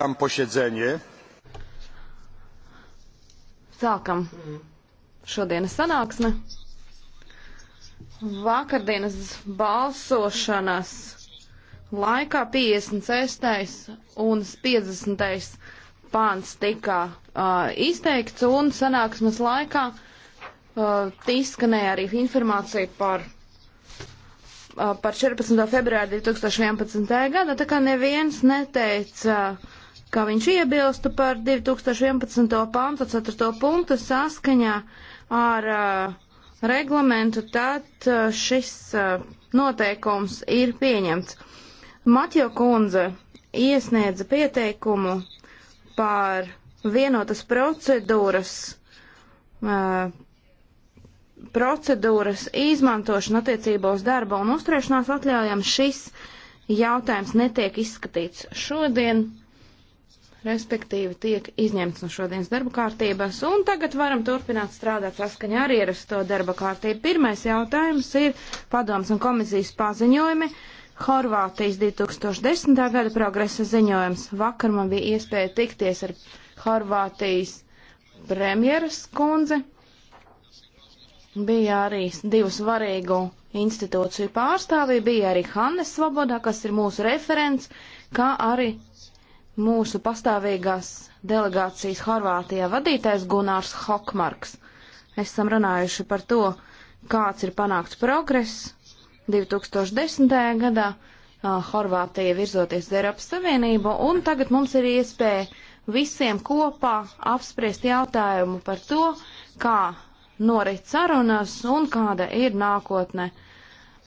Otwieram posiedzenie. Sākam šodienas sanāksme. Vakardienas balsošanas laikā 56. un 50. pāns tika uh, izteikts un sanāksmes laikā uh, izskanēja arī informācija par par 14. februāru 2011. gada, tā kā neviens neteica ka viņš iebilstu par 2011. pantu 4. punktu saskaņā ar uh, reglamentu, tad uh, šis uh, noteikums ir pieņemts. Matjo kundze iesniedza pieteikumu par vienotas procedūras, uh, procedūras izmantošanu attiecībā uz darba un uzturēšanās atļaujam. Šis jautājums netiek izskatīts šodien respektīvi tiek izņemts no šodienas darba kārtības, un tagad varam turpināt strādāt saskaņā ar ierasto darba kārtību. Pirmais jautājums ir padoms un komisijas paziņojumi. Horvātijas 2010. gada progresa ziņojums. Vakar man bija iespēja tikties ar Horvātijas premjeras kundzi. Bija arī divu svarīgu institūciju pārstāvji, bija arī Hannes Svoboda, kas ir mūsu referents, kā arī mūsu pastāvīgās delegācijas Horvātijā vadītais Gunārs Hokmarks. Esam runājuši par to, kāds ir panākts progress 2010. gadā. Horvātija virzoties uz Eiropas Savienību, un tagad mums ir iespēja visiem kopā apspriest jautājumu par to, kā norit sarunas un kāda ir nākotne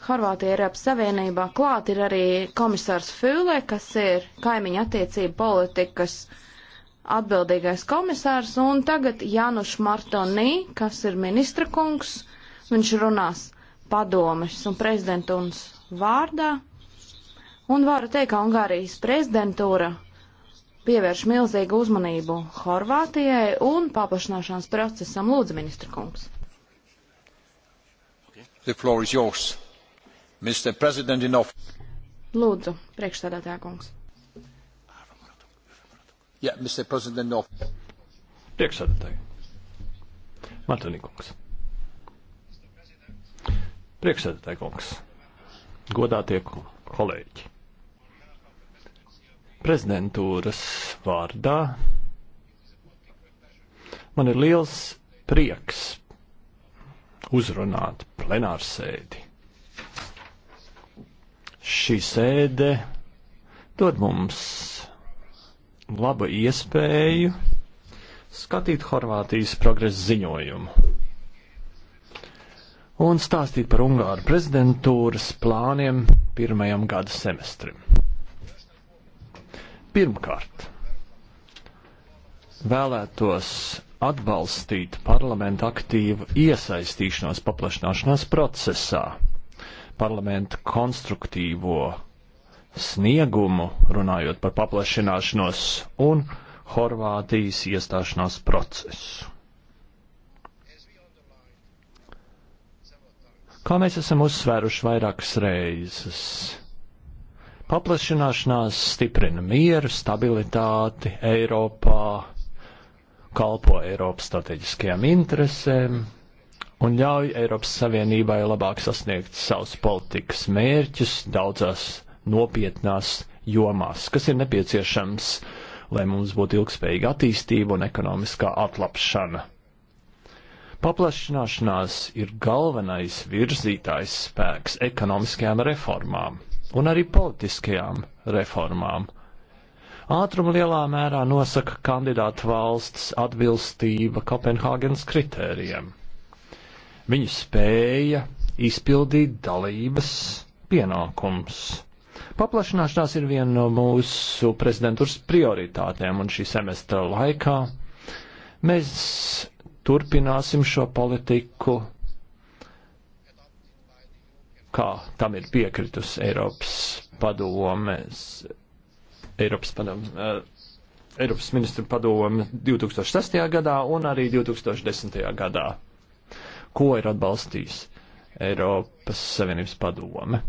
Horvātija ir ap savienībā. Klāt ir arī komisārs Fūle, kas ir kaimiņa attiecība politikas atbildīgais komisārs, un tagad Januš Martonī, kas ir ministra kungs, viņš runās padomes un prezidentūras vārdā. Un varu teikt, ka Ungārijas prezidentūra pievērš milzīgu uzmanību Horvātijai un paplašināšanās procesam lūdzu ministra kungs. Okay. The floor is yours. Mr. President in office. Lūdzu, priekšstādātā kungs. Yeah, Mr. President in office. Priekšstādātāji. Matonī kungs. Priekšsēdētāji kungs, godātie kolēģi, prezidentūras vārdā man ir liels prieks uzrunāt plenārsēdi šī sēde dod mums labu iespēju skatīt Horvātijas progresa ziņojumu un stāstīt par Ungāru prezidentūras plāniem pirmajam gada semestrim. Pirmkārt, vēlētos atbalstīt parlamentu aktīvu iesaistīšanos paplašināšanās procesā parlamenta konstruktīvo sniegumu, runājot par paplašināšanos un Horvātijas iestāšanās procesu. Kā mēs esam uzsvēruši vairākas reizes, paplašināšanās stiprina mieru, stabilitāti Eiropā, kalpo Eiropas strateģiskajām interesēm, un ļauj Eiropas Savienībai labāk sasniegt savus politikas mērķus daudzās nopietnās jomās, kas ir nepieciešams, lai mums būtu ilgspējīga attīstība un ekonomiskā atlapšana. Paplašināšanās ir galvenais virzītājs spēks ekonomiskajām reformām un arī politiskajām reformām. Ātrumu lielā mērā nosaka kandidātu valsts atbilstība Kopenhāgenes kritērijiem. Viņi spēja izpildīt dalības pienākums. Paplašināšanās ir viena no mūsu prezidentūras prioritātēm, un šī semestra laikā mēs turpināsim šo politiku, kā tam ir piekritus Eiropas padomes, Eiropas padomes. Eh, Eiropas ministru padome 2006. gadā un arī 2010. gadā ko ir atbalstījusi Eiropas Savienības padome.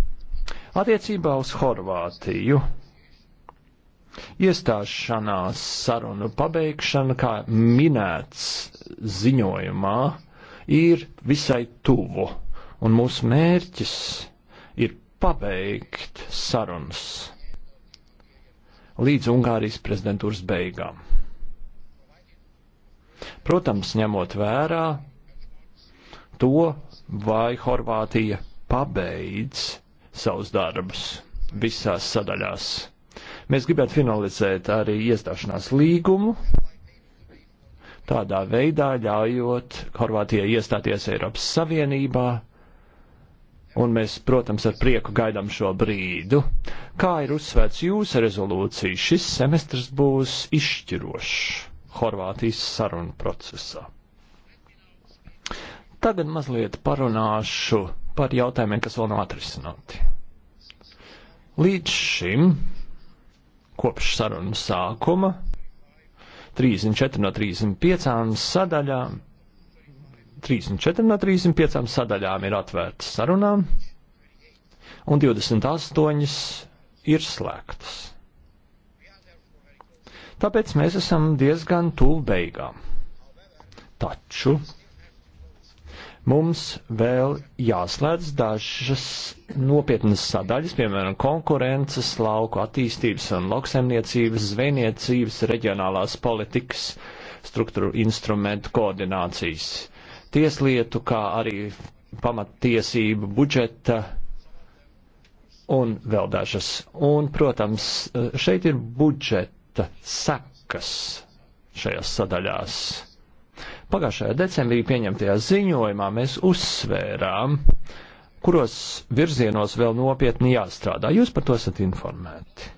Attiecībā uz Horvātiju iestāšanās sarunu pabeigšana, kā minēts ziņojumā, ir visai tuvu, un mūsu mērķis ir pabeigt sarunas līdz Ungārijas prezidentūras beigām. Protams, ņemot vērā to, vai Horvātija pabeidz savus darbus visās sadaļās. Mēs gribētu finalizēt arī iestāšanās līgumu, tādā veidā ļaujot Horvātijai iestāties Eiropas Savienībā, un mēs, protams, ar prieku gaidām šo brīdu. Kā ir uzsvērts jūsu rezolūcija, šis semestrs būs izšķirošs Horvātijas sarunu procesā. Tagad mazliet parunāšu par jautājumiem, kas vēl nav atrisināti. Līdz šim, kopš sarunas sākuma, 34 no 35 sadaļām, 34 no 35 sadaļām ir atvērtas sarunām, un 28 ir slēgtas. Tāpēc mēs esam diezgan tuvu beigām. Taču Mums vēl jāslēdz dažas nopietnas sadaļas, piemēram, konkurences, lauku attīstības un lauksaimniecības, zvejniecības, reģionālās politikas, struktūru instrumentu koordinācijas, tieslietu, kā arī pamattiesību budžeta un vēl dažas. Un, protams, šeit ir budžeta sekas šajās sadaļās. Pagājušajā decembrī pieņemtajā ziņojumā mēs uzsvērām, kuros virzienos vēl nopietni jāstrādā. Jūs par to esat informēti.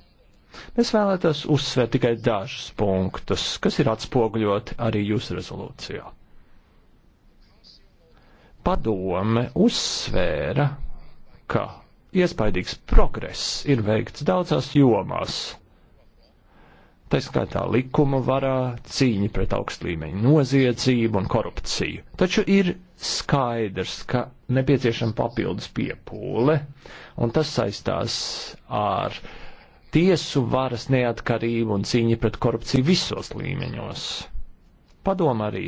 Mēs vēlētos uzsvērt tikai dažus punktus, kas ir atspoguļoti arī jūsu rezolūcijā. Padome uzsvēra, ka iespaidīgs progress ir veikts daudzās jomās tā skaitā likuma varā, cīņa pret augstlīmeņu noziedzību un korupciju. Taču ir skaidrs, ka nepieciešama papildus piepūle, un tas saistās ar tiesu varas neatkarību un cīņu pret korupciju visos līmeņos. Padom arī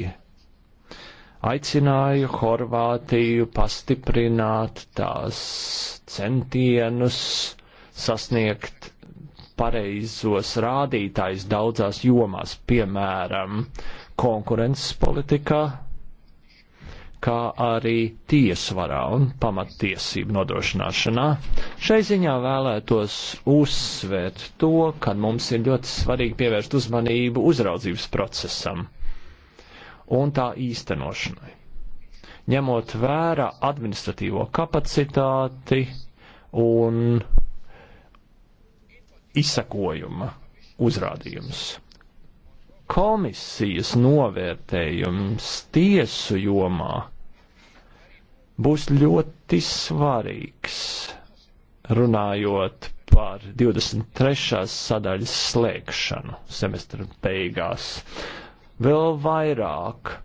aicināju Horvātiju pastiprināt tās centienus sasniegt pareizos rādītājus daudzās jomās, piemēram, konkurences politikā, kā arī tiesvarā un pamattiesību nodrošināšanā. Šai ziņā vēlētos uzsvērt to, ka mums ir ļoti svarīgi pievērst uzmanību uzraudzības procesam un tā īstenošanai, ņemot vērā administratīvo kapacitāti un izsakojuma uzrādījums. Komisijas novērtējums tiesu jomā būs ļoti svarīgs, runājot par 23. sadaļas slēgšanu semestra beigās. Vēl vairāk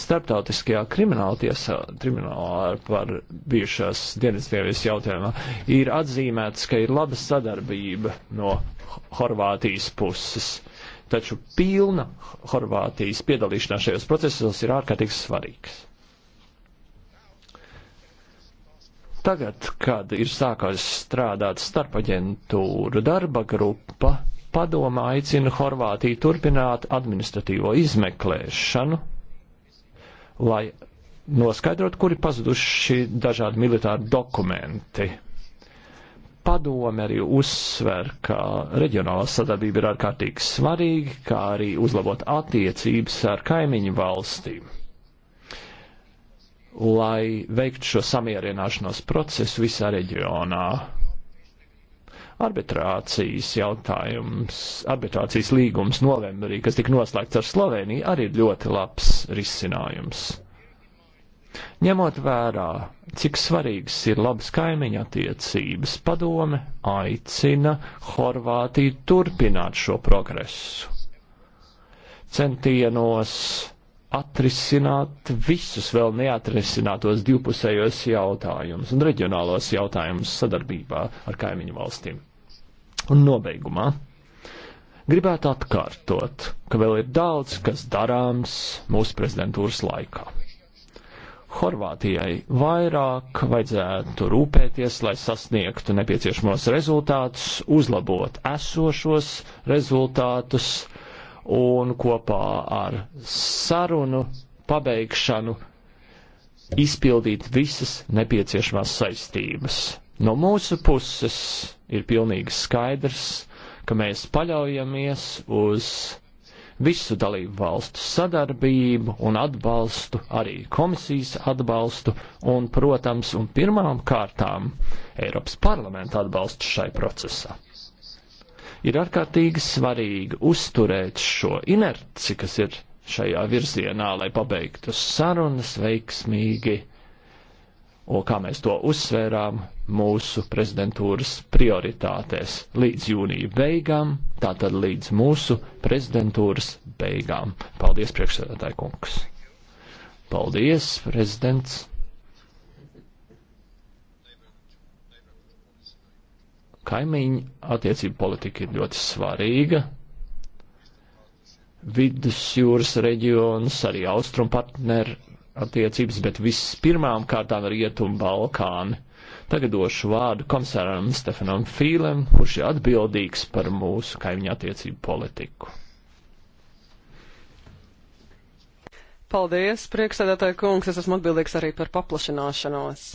starptautiskajā krimināla tiesā, tribunālā par bijušās Dienvidslievis jautājumā, ir atzīmēts, ka ir laba sadarbība no Horvātijas puses. Taču pilna Horvātijas piedalīšanās šajos procesos ir ārkārtīgi svarīgs. Tagad, kad ir sākās strādāt starpaģentūra darba grupa, padoma aicina Horvātiju turpināt administratīvo izmeklēšanu lai noskaidrot, kuri pazuduši dažādi militāri dokumenti. Padome arī uzsver, ka reģionālā sadarbība ir ārkārtīgi svarīga, kā arī uzlabot attiecības ar kaimiņu valstīm. Lai veiktu šo samierināšanos procesu visā reģionā, Arbitrācijas jautājums, arbitrācijas līgums novembrī, kas tika noslēgts ar Sloveniju, arī ir ļoti labs risinājums. Ņemot vērā, cik svarīgs ir labas kaimiņa attiecības, padome aicina Horvātiju turpināt šo progresu. Centienos atrisināt visus vēl neatrisinātos divpusējos jautājumus un reģionālos jautājumus sadarbībā ar kaimiņu valstīm. Un nobeigumā gribētu atkārtot, ka vēl ir daudz, kas darāms mūsu prezidentūras laikā. Horvātijai vairāk vajadzētu rūpēties, lai sasniegtu nepieciešamos rezultātus, uzlabot esošos rezultātus un kopā ar sarunu pabeigšanu izpildīt visas nepieciešamās saistības. No mūsu puses ir pilnīgi skaidrs, ka mēs paļaujamies uz visu dalību valstu sadarbību un atbalstu, arī komisijas atbalstu un, protams, un pirmām kārtām Eiropas parlamenta atbalstu šai procesā. Ir ārkārtīgi svarīgi uzturēt šo inerci, kas ir šajā virzienā, lai pabeigtu sarunas veiksmīgi un kā mēs to uzsvērām mūsu prezidentūras prioritātēs līdz jūnija beigām, tātad līdz mūsu prezidentūras beigām. Paldies, priekšsēdētāji kungs! Paldies, prezidents! Kaimiņu attiecību politika ir ļoti svarīga. Vidusjūras reģions, arī austrumu partneri attiecības, bet vispirmām kārtām Rietumu Balkāni. Tagad došu vārdu komisāram Stefanam Fīlem, kurš ir atbildīgs par mūsu kaimiņu attiecību politiku. Paldies, priekšsēdētāji kungs, es esmu atbildīgs arī par paplašināšanos.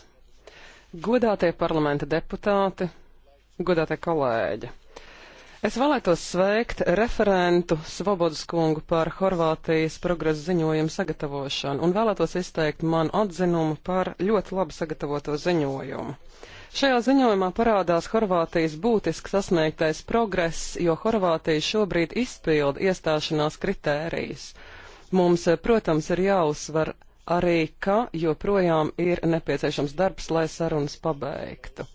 Godātie parlamenta deputāti, godātie kolēģi! Es vēlētos sveikt referentu Svobodus kungu par Horvātijas progresa ziņojumu sagatavošanu un vēlētos izteikt manu atzinumu par ļoti labi sagatavoto ziņojumu. Šajā ziņojumā parādās Horvātijas būtiski sasniegtais progress, jo Horvātija šobrīd izpilda iestāšanās kritērijas. Mums, protams, ir jāuzsver arī, ka joprojām ir nepieciešams darbs, lai sarunas pabeigtu.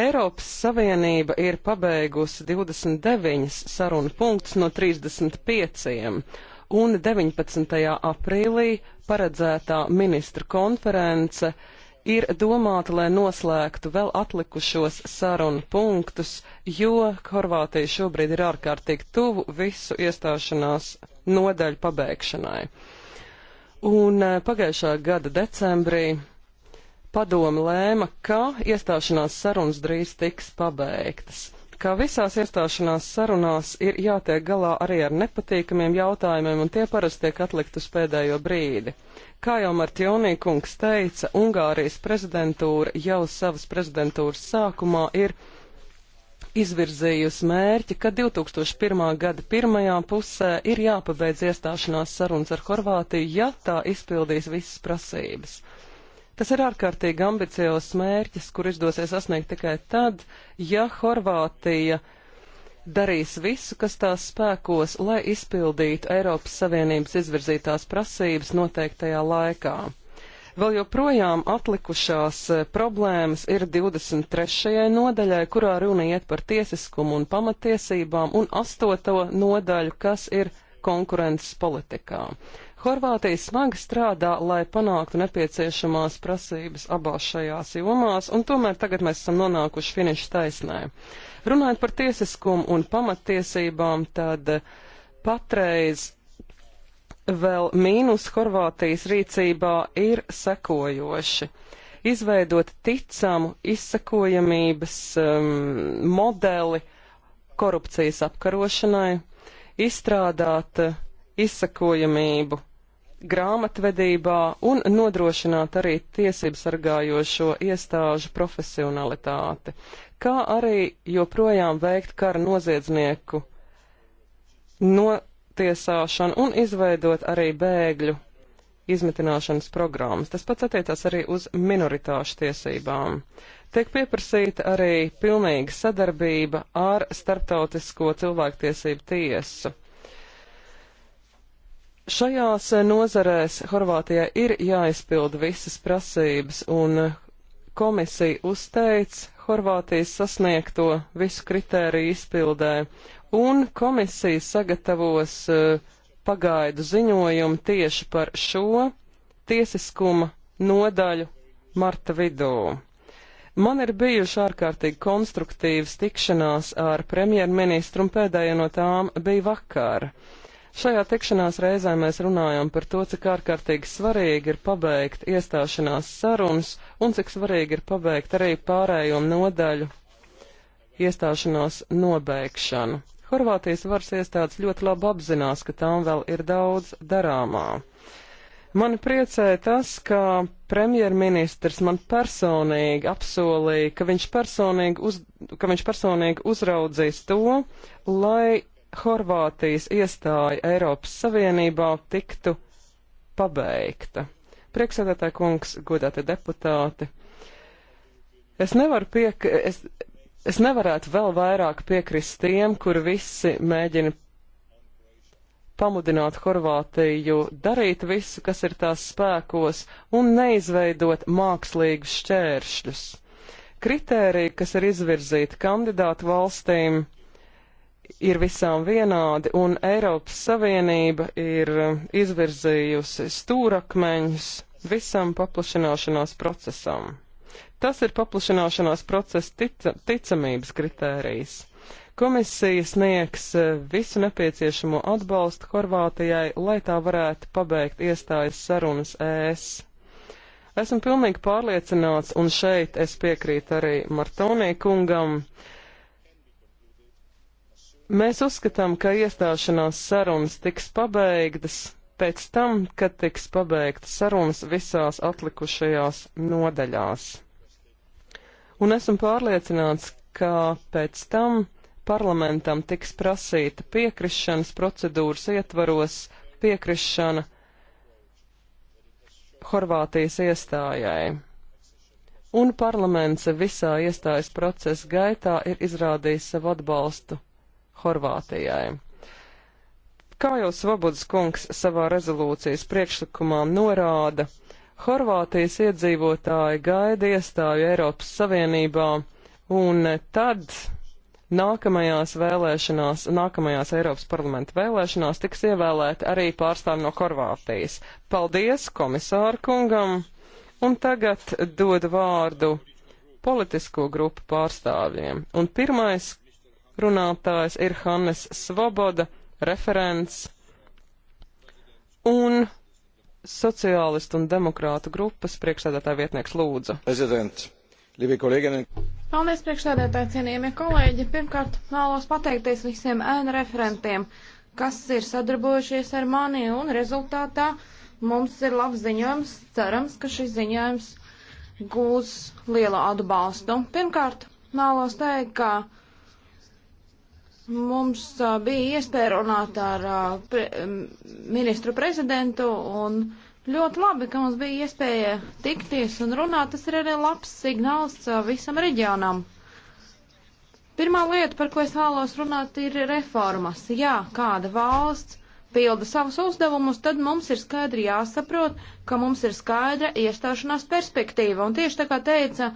Eiropas Savienība ir pabeigusi 29 sarunu punktus no 35, un 19. aprīlī paredzētā ministra konference ir domāta, lai noslēgtu vēl atlikušos sarunu punktus, jo Horvātija šobrīd ir ārkārtīgi tuvu visu iestāšanās nodaļu pabeigšanai. Un eh, pagājušā gada decembrī padome lēma, ka iestāšanās sarunas drīz tiks pabeigtas ka visās iestāšanās sarunās ir jātiek galā arī ar nepatīkamiem jautājumiem, un tie parasti tiek atlikt uz pēdējo brīdi. Kā jau Martjonīkungs teica, Ungārijas prezidentūra jau savas prezidentūras sākumā ir izvirzījusi mērķi, ka 2001. gada pirmajā pusē ir jāpabeidz iestāšanās sarunas ar Horvātiju, ja tā izpildīs visas prasības. Tas ir ārkārtīgi ambiciozs mērķis, kur izdosies sasniegt tikai tad, ja Horvātija darīs visu, kas tās spēkos, lai izpildītu Eiropas Savienības izvirzītās prasības noteiktajā laikā. Vēl joprojām atlikušās e, problēmas ir 23. nodaļai, kurā runa iet par tiesiskumu un pamatiesībām, un 8. nodaļu, kas ir konkurences politikā. Horvātija smagi strādā, lai panāktu nepieciešamās prasības abās šajās jomās, un tomēr tagad mēs esam nonākuši finiša taisnē. Runājot par tiesiskumu un pamattiesībām, tad patreiz vēl mīnus Horvātijas rīcībā ir sekojoši. Izveidot ticamu izsakojamības um, modeli korupcijas apkarošanai, izstrādāt uh, izsakojamību grāmatvedībā un nodrošināt arī tiesību sargājošo iestāžu profesionalitāti, kā arī joprojām veikt kara noziedznieku notiesāšanu un izveidot arī bēgļu izmitināšanas programmas. Tas pats attiecās arī uz minoritāšu tiesībām. Tiek pieprasīta arī pilnīga sadarbība ar Starptautisko cilvēktiesību tiesu. Šajās nozarēs Horvātijai ir jāizpild visas prasības, un komisija uzteic Horvātijas sasniegto visu kritēriju izpildē, un komisija sagatavos eh, pagaidu ziņojumu tieši par šo tiesiskuma nodaļu marta vidū. Man ir bijuši ārkārtīgi konstruktīvas tikšanās ar premjerministru, un pēdējā no tām bija vakar. Uh, Šajā tikšanās reizē mēs runājam par to, cik ārkārtīgi svarīgi ir pabeigt iestāšanās sarunas un cik svarīgi ir pabeigt arī pārējo nodaļu iestāšanās nobeigšanu. Horvātijas varas iestādes ļoti labi apzinās, ka tām vēl ir daudz darāmā. Mani priecēja tas, ka premjerministrs man personīgi apsolīja, ka viņš personīgi, uz, ka viņš personīgi uzraudzīs to, lai Horvātijas iestāja Eiropas Savienībā tiktu pabeigta. Prieksēdētāji kungs, godātie deputāti, es nevaru piek... Es, es nevarētu vēl vairāk piekrist tiem, kuri visi mēģina pamudināt Horvātiju darīt visu, kas ir tās spēkos, un neizveidot mākslīgus šķēršļus. Kritēriji, kas ir izvirzīti kandidātu valstīm, ir visām vienādi, un Eiropas Savienība ir um, izvirzījusi stūrakmeņus visam paplašināšanās procesam. Tas ir paplašināšanās procesa tic ticamības kritērijs. Komisija sniegs uh, visu nepieciešamo atbalstu Horvātijai, lai tā varētu pabeigt iestājas sarunas ES. Esmu pilnīgi pārliecināts, un šeit es piekrītu arī Martonī kungam, uh, Mēs uzskatām, ka iestāšanās sarunas tiks pabeigtas pēc tam, kad tiks pabeigtas sarunas visās atlikušajās nodaļās. Un esmu pārliecināts, ka pēc tam parlamentam tiks prasīta piekrišanas procedūras ietvaros piekrišana Horvātijas iestājai. Un parlaments visā iestājas procesa gaitā ir izrādījis savu atbalstu Horvātijai. Kā jau Svobodas kungs savā rezolūcijas priekšlikumā norāda, Horvātijas iedzīvotāji gaida iestāju Eiropas Savienībā, un tad nākamajās vēlēšanās, nākamajās Eiropas parlamenta vēlēšanās tiks ievēlēti arī pārstāvi no Horvātijas. Paldies komisāru kungam, un tagad dodu vārdu politisko grupu pārstāvjiem. Un pirmais runātājs ir Hannes Svoboda, referents, un sociālistu un demokrātu grupas priekšsēdētāja vietnieks Lūdzu. Prezident, Libija kolēģi. Paldies priekšsēdētāji, cienījamie kolēģi. Pirmkārt, vēlos pateikties visiem ēnu referentiem, kas ir sadarbojušies ar mani, un rezultātā mums ir labs ziņojums. Cerams, ka šis ziņojums gūs lielu atbalstu. Pirmkārt, vēlos teikt, ka Mums uh, bija iespēja runāt ar uh, pre, ministru prezidentu un ļoti labi, ka mums bija iespēja tikties un runāt. Tas ir arī labs signāls uh, visam reģionam. Pirmā lieta, par ko es vēlos runāt, ir reformas. Jā, kāda valsts pilda savus uzdevumus, tad mums ir skaidri jāsaprot, ka mums ir skaidra iestāšanās perspektīva. Un tieši tā kā teica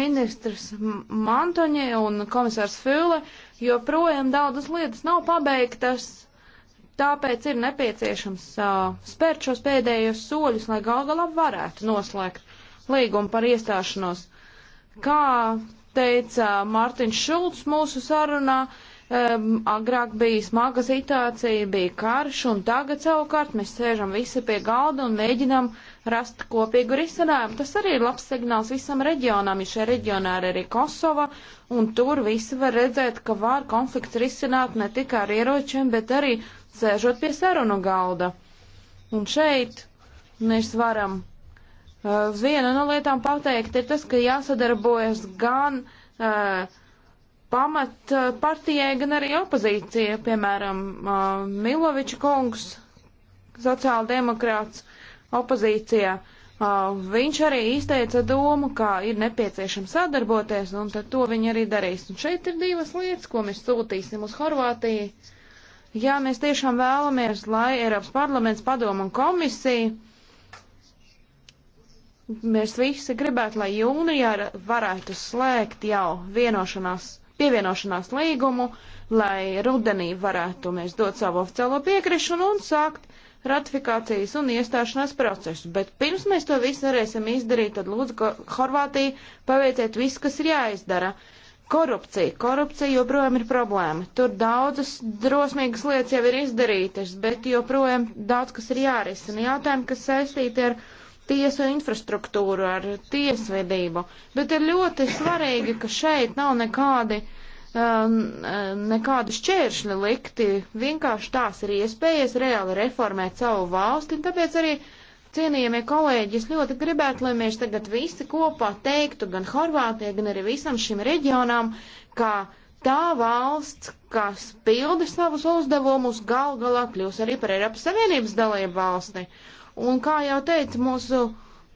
ministrs Mantoņē un komisārs Füle, joprojām daudzas lietas nav pabeigtas, tāpēc ir nepieciešams uh, spērt šos pēdējos soļus, lai gal galā varētu noslēgt līgumu par iestāšanos. Kā teica Mārtiņš Šulcs mūsu sarunā, um, agrāk bija smaga situācija, bija karš, un tagad savukārt mēs sēžam visi pie galda un mēģinam uh, rast kopīgu risinājumu. Tas arī ir labs signāls visam reģionam, ja šajā reģionā ir arī Kosova, un tur visi var redzēt, ka var konflikts risināt ne tikai ar ieročiem, bet arī sēžot pie sarunu galda. Un šeit mēs varam. Uh, viena no lietām pateikt ir tas, ka jāsadarbojas gan uh, pamat uh, partijai, gan arī opozīcija, piemēram, uh, Miloviča kungs, sociāldemokrāts, opozīcijā, uh, viņš arī izteica domu, ka ir nepieciešams sadarboties, un tad to viņi arī darīs. Un šeit ir divas lietas, ko mēs sūtīsim uz Horvātiju. Ja mēs tiešām vēlamies, lai Eiropas parlaments padomu un komisija mēs visi gribētu, lai jūnijā varētu slēgt jau vienošanās, pievienošanās līgumu, lai rudenī varētu mēs dot savu oficiālo piekrišanu un sākt ratifikācijas un iestāšanās procesu. Bet pirms mēs to visu varēsim izdarīt, tad lūdzu, Horvātija, paveiciet visu, kas ir jāizdara. Korupcija. Korupcija joprojām ir problēma. Tur daudzas drosmīgas lietas jau ir izdarītas, bet joprojām daudz kas ir jārisina. Jautājumi, kas saistīti ar tiesu infrastruktūru, ar tiesvedību. Bet ir ļoti svarīgi, ka šeit nav nekādi uh, Um, um, nekādu šķēršļu likti, vienkārši tās ir iespējas reāli reformēt savu valsti, un tāpēc arī, cienījamie kolēģi, es ļoti gribētu, lai mēs tagad visi kopā teiktu, gan Horvātijai, gan arī visam šim reģionam, ka tā valsts, kas pilda savus uzdevumus, gal galā kļūs arī par Eiropas Savienības dalību valsti. Un kā jau teica mūsu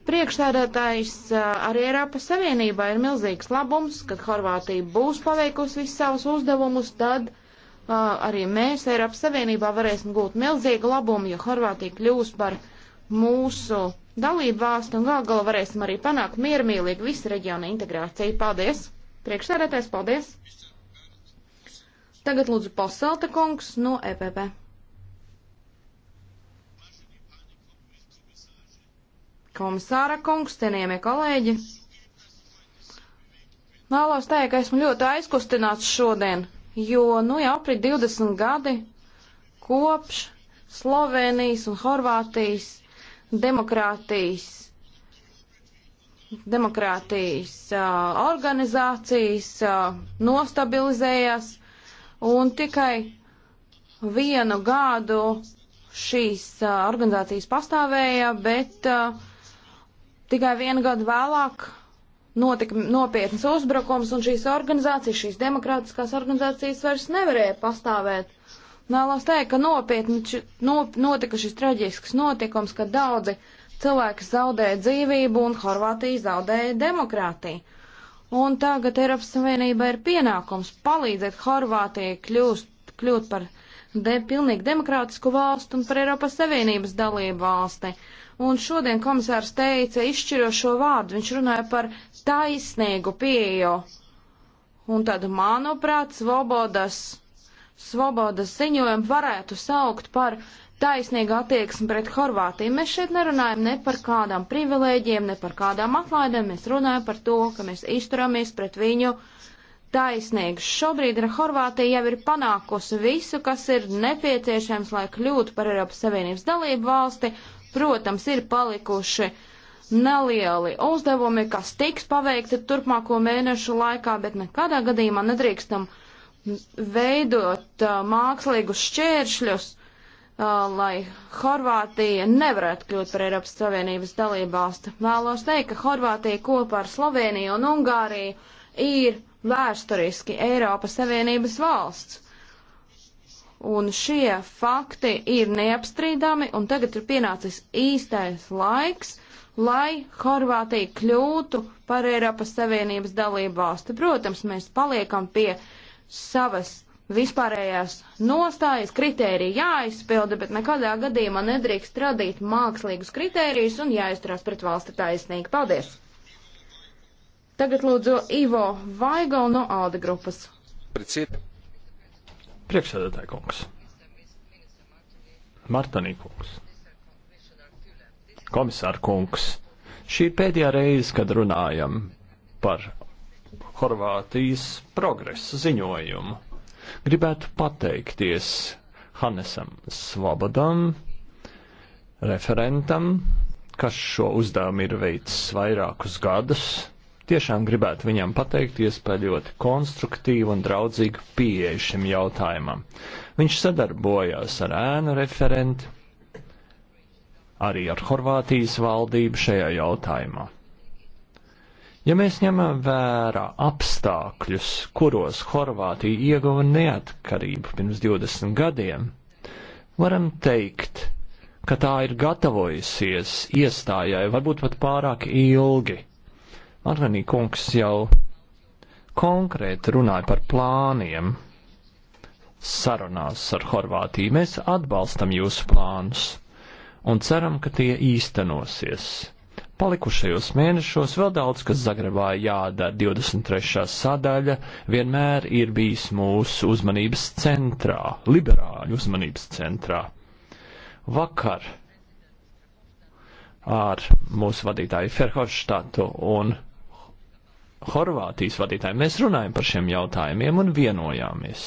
Priekšstādātājs arī Eiropas Savienībā ir milzīgs labums, kad Horvātija būs paveikusi visus savus uzdevumus, tad uh, arī mēs Eiropas Savienībā varēsim gūt milzīgu labumu, jo Horvātija kļūs par mūsu dalību valsti un gal galā varēsim arī panākt miermīlīgu visu reģionu integrāciju. Paldies! Priekšstādātājs, paldies! Tagad lūdzu Pasalta kungs no EPP. Komisāra kungs, cienījamie kolēģi. Vēlos teikt, ka esmu ļoti aizkustināts šodien, jo nu jau aprit 20 gadi kopš Slovenijas un Horvātijas demokrātijas, demokrātijas uh, organizācijas uh, nostabilizējās un tikai vienu gadu šīs uh, organizācijas pastāvēja, bet uh, Tikai vienu gadu vēlāk notika nopietnas uzbrukums, un šīs organizācijas, šīs demokrātiskās organizācijas vairs nevarēja pastāvēt. Vēlos teikt, ka nopietni či, no, notika šis traģisks notikums, kad daudzi cilvēki zaudēja dzīvību un Horvātija zaudēja demokrātiju. Un tagad Eiropas Savienība ir pienākums palīdzēt Horvātijai kļūst, kļūt par de, pilnīgi demokrātisku valstu un par Eiropas Savienības dalību valsti. Uh, un šodien komisārs teica izšķirošo vārdu. Viņš runāja par taisnīgu pieeju. Un tad, manuprāt, Svobodas, Svobodas ziņojumu varētu saukt par taisnīgu attieksmi pret Horvātiju. Mēs šeit nerunājam ne par kādām privilēģiem, ne par kādām atlaidēm. Mēs runājam par to, ka mēs izturamies pret viņu taisnīgi. Šobrīd ir Horvātija jau ir panākusi visu, kas ir nepieciešams, lai kļūtu par Eiropas Savienības dalību valsti Protams, ir palikuši nelieli uzdevumi, kas tiks paveikti turpmāko mēnešu laikā, bet nekādā gadījumā nedrīkstam veidot uh, mākslīgus šķēršļus, uh, lai Horvātija nevarētu kļūt par Eiropas Savienības dalībvalsti. Vēlos teikt, ka Horvātija kopā ar Sloveniju un Ungāriju ir vēsturiski Eiropas Savienības valsts. Un šie fakti ir neapstrīdami, un tagad ir pienācis īstais laiks, lai Horvātija kļūtu par Eiropas Savienības dalību valsti. Protams, mēs paliekam pie savas vispārējās nostājas, kritērija jāizpilda, bet nekādā gadījumā nedrīkst radīt mākslīgus kritērijus un jāizturās pret valsti taisnīgi. Paldies! Tagad lūdzu Ivo Vaigal no Alde grupas. Precīti. Priekšsēdētāji kungs. Martanī kungs. Komisār kungs. Šī ir pēdējā reize, kad runājam par Horvātijas progresa ziņojumu. Gribētu pateikties Hanesam Svobodam, referentam, kas šo uzdevumu ir veicis vairākus gadus Tiešām gribētu viņam pateikties par ļoti konstruktīvu un draudzīgu pieeju šim jautājumam. Viņš sadarbojās ar ēnu referenti, arī ar Horvātijas valdību šajā jautājumā. Ja mēs ņemam vērā apstākļus, kuros Horvātija ieguva neatkarību pirms 20 gadiem, varam teikt, ka tā ir gatavojusies iestājai varbūt pat pārāk ilgi. Marvenī kungs jau konkrēti runāja par plāniem sarunās ar Horvātiju. Mēs atbalstam jūsu plānus un ceram, ka tie īstenosies. Palikušajos mēnešos vēl daudz, kas Zagrebā jādara. 23. sadaļa vienmēr ir bijis mūsu uzmanības centrā, liberāļu uzmanības centrā. Vakar ar mūsu vadītāju Ferhofštatu un Horvātijas vadītāji. Mēs runājam par šiem jautājumiem un vienojāmies.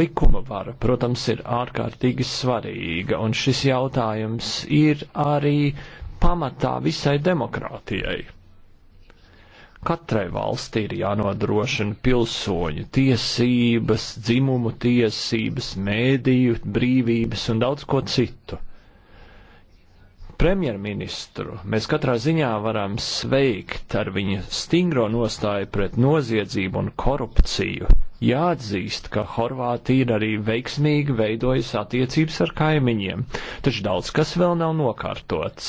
Likuma vara, protams, ir ārkārtīgi svarīga, un šis jautājums ir arī pamatā visai demokrātijai. Katrai valstī ir jānodrošina pilsoņu tiesības, dzimumu tiesības, mēdīju brīvības un daudz ko citu premjerministru mēs katrā ziņā varam sveikt ar viņa stingro nostāju pret noziedzību un korupciju. Jāatzīst, ka Horvātija ir arī veiksmīgi veidojusi attiecības ar kaimiņiem, taču daudz kas vēl nav nokārtots.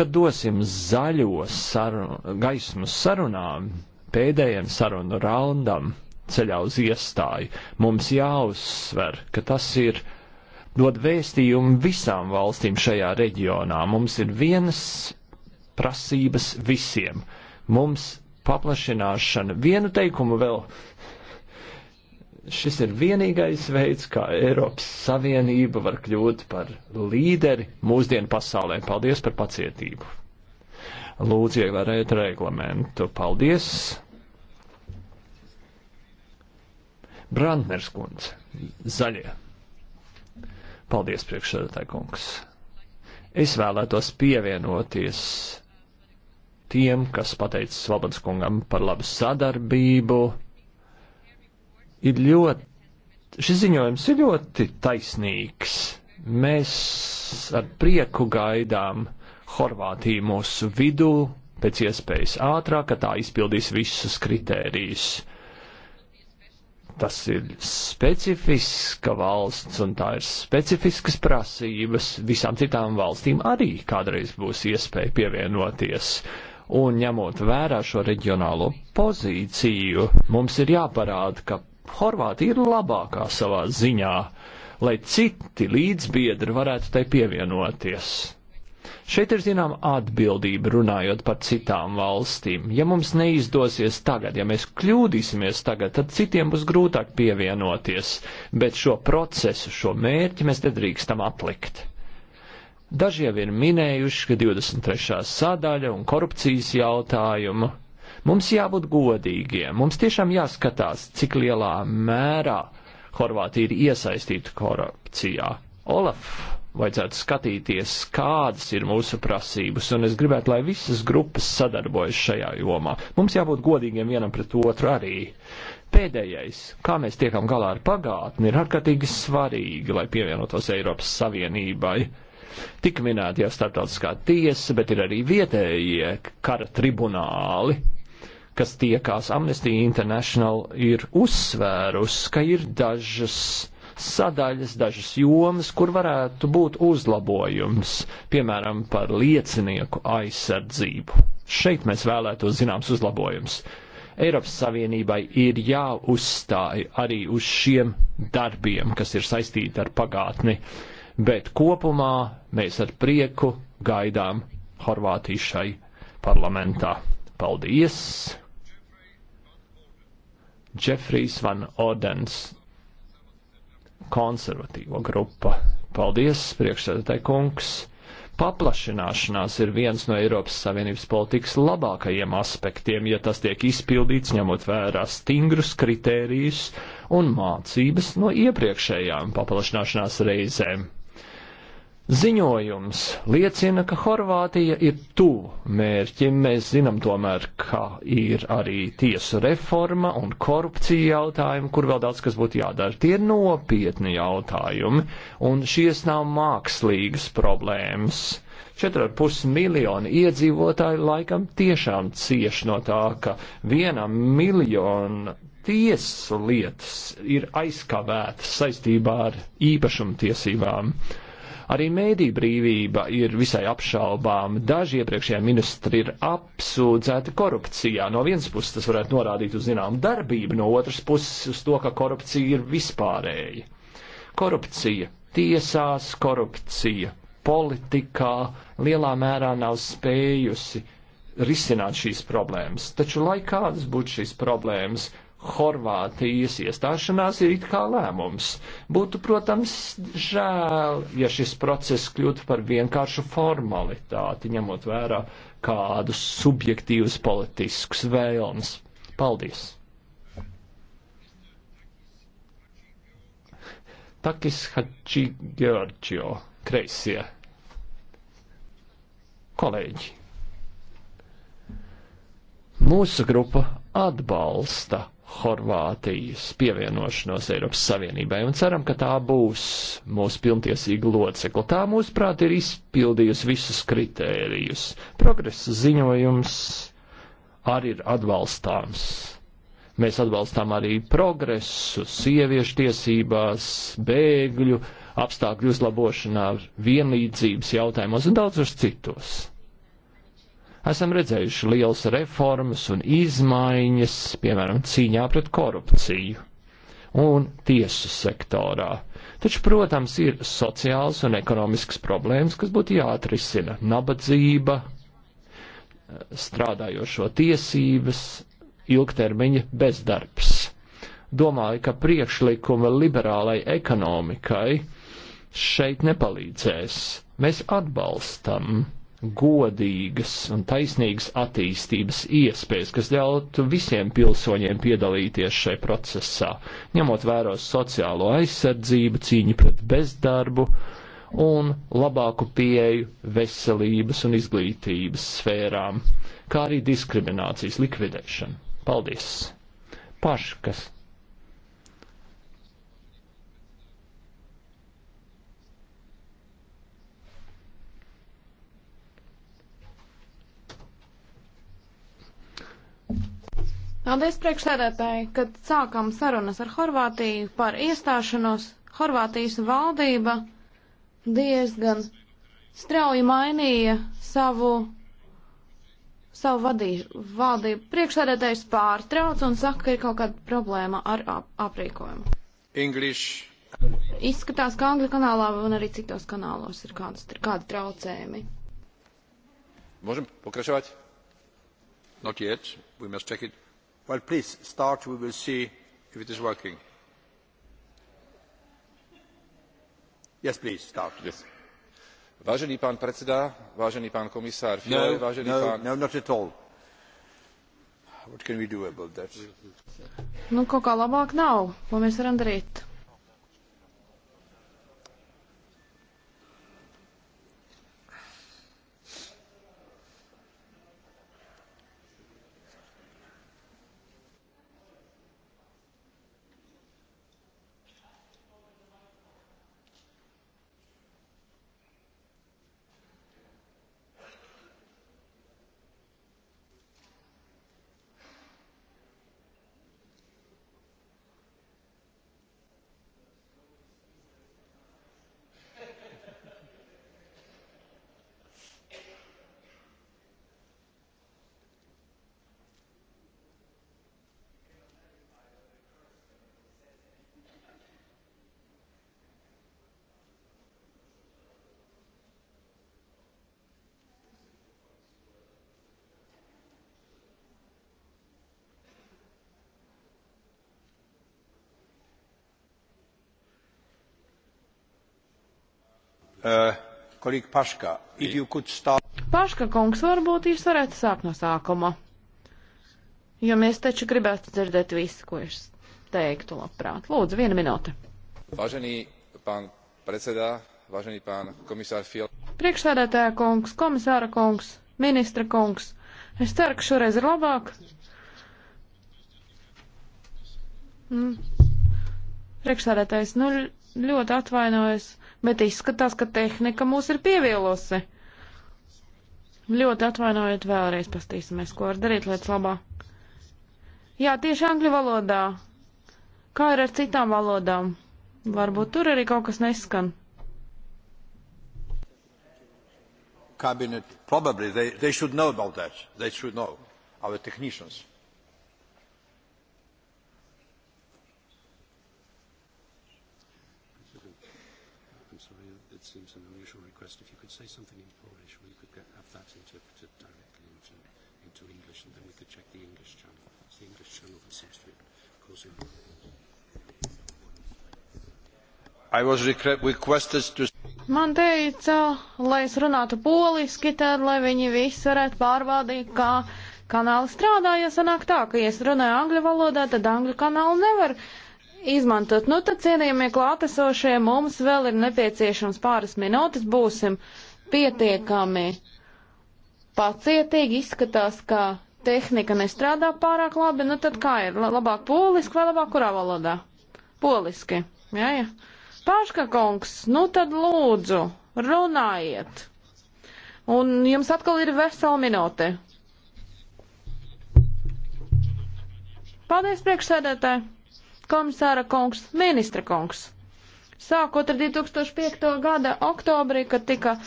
Kad dosim zaļo sarunu, gaismu sarunām, pēdējiem sarunu raundam ceļā uz iestāju, mums jāuzsver, ka tas ir dod vēstījumu visām valstīm šajā reģionā. Mums ir vienas prasības visiem. Mums paplašināšana. Vienu teikumu vēl. Šis ir vienīgais veids, kā Eiropas Savienība var kļūt par līderi mūsdienu pasaulē. Paldies par pacietību. Lūdzu, ievērēt reglamentu. Paldies. Brandners kundze. Zaļie. Paldies, priekšsēdētāji kungs. Es vēlētos pievienoties tiem, kas pateica Svobodas kungam par labu sadarbību. Ir ļoti, šis ziņojums ir ļoti taisnīgs. Mēs ar prieku gaidām Horvātiju mūsu vidū pēc iespējas ātrāk, ka tā izpildīs visus kritērijus tas ir specifiska valsts un tā ir specifiskas prasības. Visām citām valstīm arī kādreiz būs iespēja pievienoties. Un ņemot vērā šo reģionālo pozīciju, mums ir jāparāda, ka Horvātija ir labākā savā ziņā, lai citi līdzbiedri varētu tai pievienoties. Šeit ir zinām atbildība runājot par citām valstīm. Ja mums neizdosies tagad, ja mēs kļūdīsimies tagad, tad citiem būs grūtāk pievienoties, bet šo procesu, šo mērķi mēs nedrīkstam atlikt. Daži jau ir minējuši, ka 23. sadaļa un korupcijas jautājumu. Mums jābūt godīgiem, mums tiešām jāskatās, cik lielā mērā Horvātija ir iesaistīta korupcijā. Olaf, vajadzētu skatīties, kādas ir mūsu prasības, un es gribētu, lai visas grupas sadarbojas šajā jomā. Mums jābūt godīgiem vienam pret otru arī. Pēdējais, kā mēs tiekam galā ar pagātni, ir ārkārtīgi svarīgi, lai pievienotos Eiropas Savienībai. Tik minēta jau starptautiskā tiesa, bet ir arī vietējie kara tribunāli, kas tiekās Amnesty International ir uzsvērus, ka ir dažas sadaļas, dažas jomas, kur varētu būt uzlabojums, piemēram, par liecinieku aizsardzību. Šeit mēs vēlētos zināms uzlabojums. Eiropas Savienībai ir jāuzstāj arī uz šiem darbiem, kas ir saistīti ar pagātni, bet kopumā mēs ar prieku gaidām Horvātiju šai parlamentā. Paldies! Džefrijs Van Ordens konservatīvo grupa. Paldies, priekšsēdētāji kungs! Paplašināšanās ir viens no Eiropas Savienības politikas labākajiem aspektiem, ja tas tiek izpildīts ņemot vērā stingrus kritērijus un mācības no iepriekšējām paplašināšanās reizēm. Ziņojums liecina, ka Horvātija ir tuvu mērķim. Mēs zinām tomēr, ka ir arī tiesu reforma un korupcija jautājumi, kur vēl daudz kas būtu jādara. Tie ir nopietni jautājumi, un šīs nav mākslīgas problēmas. 4,5 miljoni iedzīvotāji laikam tiešām cieš no tā, ka vienam miljonu tiesu lietas ir aizkavētas saistībā ar īpašumtiesībām. tiesībām Arī mēdī brīvība ir visai apšaubām. Daži iepriekšējie ministri ir apsūdzēti korupcijā. No vienas puses tas varētu norādīt uz zinām darbību, no otras puses uz to, ka korupcija ir vispārēja. Korupcija tiesās, korupcija politikā lielā mērā nav spējusi risināt šīs problēmas. Taču, lai kādas būtu šīs problēmas, Horvātijas iestāšanās ir it kā lēmums. Būtu, protams, žēl, ja šis process kļūtu par vienkāršu formalitāti, ņemot vērā kādus subjektīvus politiskus vēlmes. Paldies! Takis Hači Georgio, kreisie. Kolēģi. Mūsu grupa atbalsta Horvātijas pievienošanos Eiropas Savienībai un ceram, ka tā būs mūsu pilntiesīga locekla. Tā, mūsuprāt, ir izpildījusi visus kritērijus. Progresa ziņojums arī ir atbalstāms. Mēs atbalstām arī progresu sieviešu tiesībās, bēgļu apstākļu uzlabošanā, vienlīdzības jautājumos un daudzos citos. Esam redzējuši liels reformas un izmaiņas, piemēram, cīņā pret korupciju un tiesu sektorā. Taču, protams, ir sociāls un ekonomisks problēmas, kas būtu jāatrisina - nabadzība, strādājošo tiesības, ilgtermiņa bezdarbs. Domāju, ka priekšlikuma liberālai ekonomikai šeit nepalīdzēs. Mēs atbalstam godīgas un taisnīgas attīstības iespējas, kas ļautu visiem pilsoņiem piedalīties šai procesā, ņemot vērā sociālo aizsardzību, cīņu pret bezdarbu un labāku pieeju veselības un izglītības sfērām, kā arī diskriminācijas likvidēšanu. Paldies! Paškas! Paldies, priekšsēdētāji, kad sākam sarunas ar Horvātiju par iestāšanos. Horvātijas valdība diezgan strauji mainīja savu, savu vadību. Valdību priekšsēdētājs pārtrauc un saka, ka ir kaut kāda problēma ar ap aprīkojumu. English. Izskatās, ka Angļu kanālā un arī citos kanālos ir kādas, kādi traucējumi. Možem pokračovāt? Not yet. We must check it. Well, please start. We will see if it is working. Yes, please start. Yes. Vážený pán predseda, vážený pán komisár Fiole, no, vážený no, pán... No, not at all. What can we do about that? Nu, kaut kā labāk nav. Ko mēs varam darīt? Uh, Paška, start... Paška kungs, varbūt jūs varētu sākt no sākuma. Jo mēs taču gribētu dzirdēt visu, ko es teiktu labprāt. Lūdzu, viena minūte. Vážený pán predsedā, vážený pán komisār Fiel. Priekšsēdētāja kungs, komisāra kungs, ministra kungs. Es ceru, ka šoreiz ir labāk. Mm. Priekšsēdētājs, nu ļoti atvainojos bet izskatās, ka tehnika mūs ir pievilusi. Ļoti atvainojiet, vēlreiz pastīsimies, ko var darīt lietas labā. Jā, tieši angļu valodā. Kā ir ar citām valodām? Varbūt tur arī kaut kas neskan. Cabinet, probably they, they should know about that. They should know, our technicians. To... Man teica, lai es runātu poliski, tad lai viņi visi varētu pārbaudīt, kā kanāli strādā, ja sanāk tā, ka ja es runāju angļu valodā, tad angļu kanālu nevar izmantot. Nu tad, cienījamie klātesošie, mums vēl ir nepieciešams pāris minūtes, būsim pietiekami pacietīgi, izskatās, ka tehnika nestrādā pārāk labi, nu tad kā ir, labāk poliski vai labāk kurā valodā? Poliski, jā, jā. Paška kungs, nu tad lūdzu, runājiet. Un jums atkal ir vesela minūte. Paldies, priekšsēdētāji, komisāra kungs, ministra kungs. Sākot ar 2005. gada oktobrī, kad tika uh,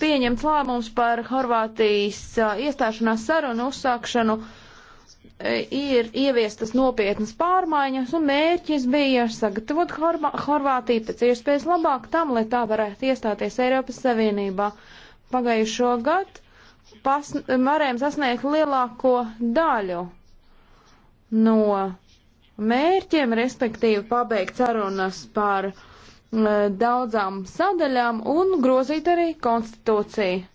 pieņemts lēmums par Horvātijas uh, iestāšanās sarunu uzsākšanu, uh, E, ir ieviestas nopietnas pārmaiņas, un mērķis bija sagatavot Horma Horvātiju pēc iespējas labāk tam, lai tā varētu iestāties Eiropas Savienībā. Pagājušo gadu varējām sasniegt lielāko daļu no mērķiem, respektīvi pabeigt sarunas par uh, daudzām sadaļām un grozīt arī konstitūciju.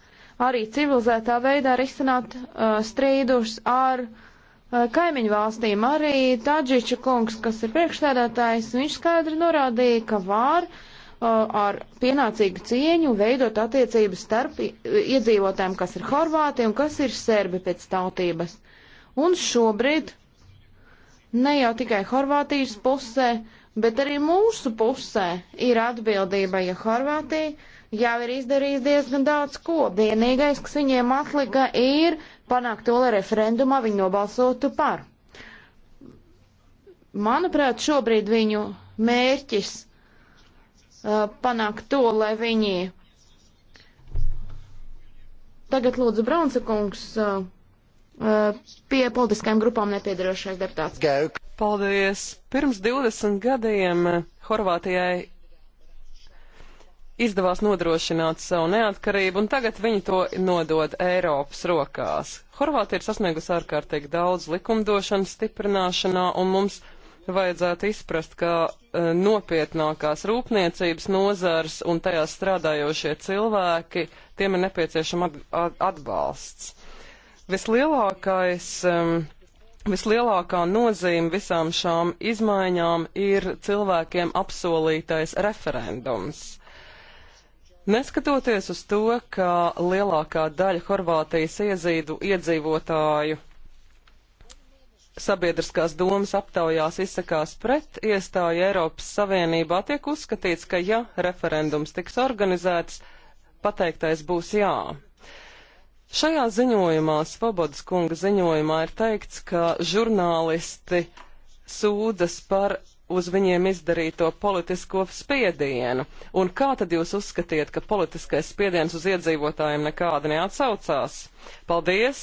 Arī civilizētā veidā risināt uh, strīdus ar uh, Eh, kaimiņu valstīm. Arī Tadžiča kungs, kas ir priekšstādātājs, viņš skaidri norādīja, ka var eh, ar pienācīgu cieņu veidot attiecības starp iedzīvotājiem, kas ir horvāti un kas ir serbi pēc tautības. Un šobrīd ne jau tikai Horvātijas pusē, bet arī mūsu pusē ir atbildība, ja Horvātija jau ir izdarījis diezgan daudz ko. Vienīgais, kas viņiem atlika, ir panākt to, lai referendumā viņi nobalsotu par. Manuprāt, šobrīd viņu mērķis uh, panākt to, lai viņi. Tagad lūdzu Braunsa kungs. Uh, uh, pie politiskajām grupām nepiedarošais deputāts. Paldies! Pirms 20 gadiem Horvātijai izdevās nodrošināt savu neatkarību, un tagad viņi to nodod Eiropas rokās. Horvātija ir sasniegusi ārkārtīgi daudz likumdošanas stiprināšanā, un mums vajadzētu izprast, ka e, nopietnākās rūpniecības nozars un tajās strādājošie cilvēki, tiem ir nepieciešama atbalsts. Vislielākais um, e, Vislielākā nozīme visām šām izmaiņām ir cilvēkiem apsolītais referendums. Neskatoties uz to, ka lielākā daļa Horvātijas iezīdu iedzīvotāju sabiedriskās domas aptaujās izsakās pret iestāju Eiropas Savienībā, tiek uzskatīts, ka ja referendums tiks organizēts, pateiktais būs jā. Šajā ziņojumā, Svobodas kunga ziņojumā, ir teikts, ka žurnālisti sūdzas par uz viņiem izdarīto politisko spiedienu. Un kā tad jūs uzskatiet, ka politiskais spiediens uz iedzīvotājiem nekāda neatsaucās? Paldies!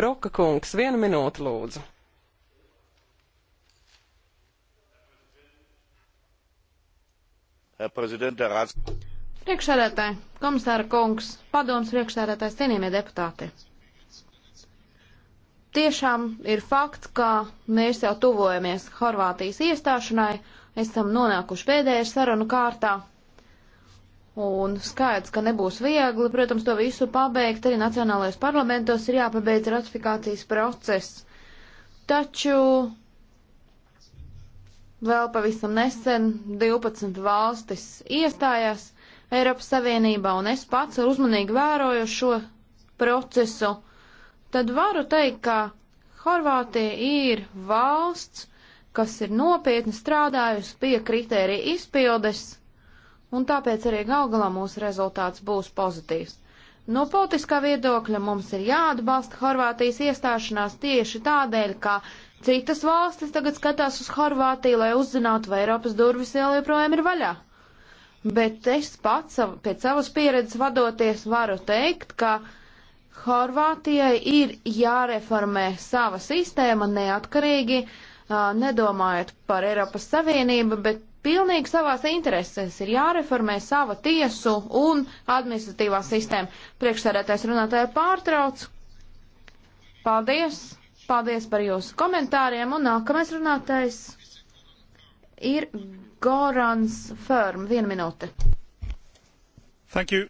Broka kungs, vienu minūtu lūdzu. Priekšsēdētāji, komisāra kungs, padoms priekšsēdētājs, cienījamie deputāti tiešām ir fakts, ka mēs jau tuvojamies Horvātijas iestāšanai, esam nonākuši pēdējā sarunu kārtā. Un skaidrs, ka nebūs viegli, protams, to visu pabeigt, arī nacionālajos parlamentos ir jāpabeidz ratifikācijas process. Taču vēl pavisam nesen 12 valstis iestājās Eiropas Savienībā, un es pats ar uzmanīgi vēroju šo procesu tad varu teikt, ka Horvātija ir valsts, kas ir nopietni strādājusi pie kritērija izpildes, un tāpēc arī galgalā mūsu rezultāts būs pozitīvs. No politiskā viedokļa mums ir jāatbalsta Horvātijas iestāšanās tieši tādēļ, ka citas valstis tagad skatās uz Horvātiju, lai uzzinātu, vai Eiropas durvis vēl joprojām ir vaļā. Bet es pats pēc savas pieredzes vadoties varu teikt, ka Horvātijai ir jāreformē sava sistēma neatkarīgi, nedomājot par Eiropas Savienību, bet pilnīgi savās interesēs ir jāreformē sava tiesu un administratīvā sistēma. Priekšsēdētājs runātāja pārtrauc. Paldies! Paldies par jūsu komentāriem, un nākamais runātais ir Gorans Firm. Viena minūte. Thank you.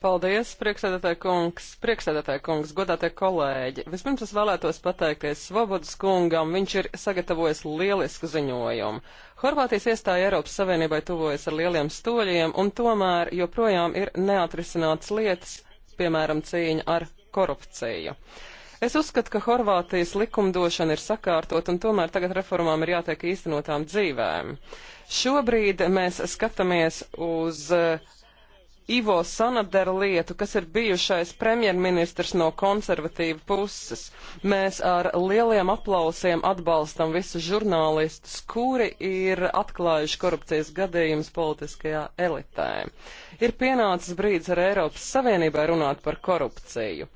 Paldies, priekšsēdētāji kungs, priekšsēdētāji kungs, godātie kolēģi. Vispirms es vēlētos pateikties Svobodas kungam, viņš ir sagatavojis lielisku ziņojumu. Horvātijas iestāja Eiropas Savienībai tuvojas ar lieliem stoļiem, un tomēr joprojām ir neatrisināts lietas, piemēram, cīņa ar korupciju. Es uzskatu, ka Horvātijas likumdošana ir sakārtot, un tomēr tagad reformām ir jātiek īstenotām dzīvēm. Šobrīd mēs skatāmies uz Ivo Sanadera lietu, kas ir bijušais premjerministrs no konservatīva puses. Mēs ar lieliem aplausiem atbalstam visus žurnālistus, kuri ir atklājuši korupcijas gadījumus politiskajā elitē. Ir pienācis brīdis ar Eiropas Savienībai runāt par korupciju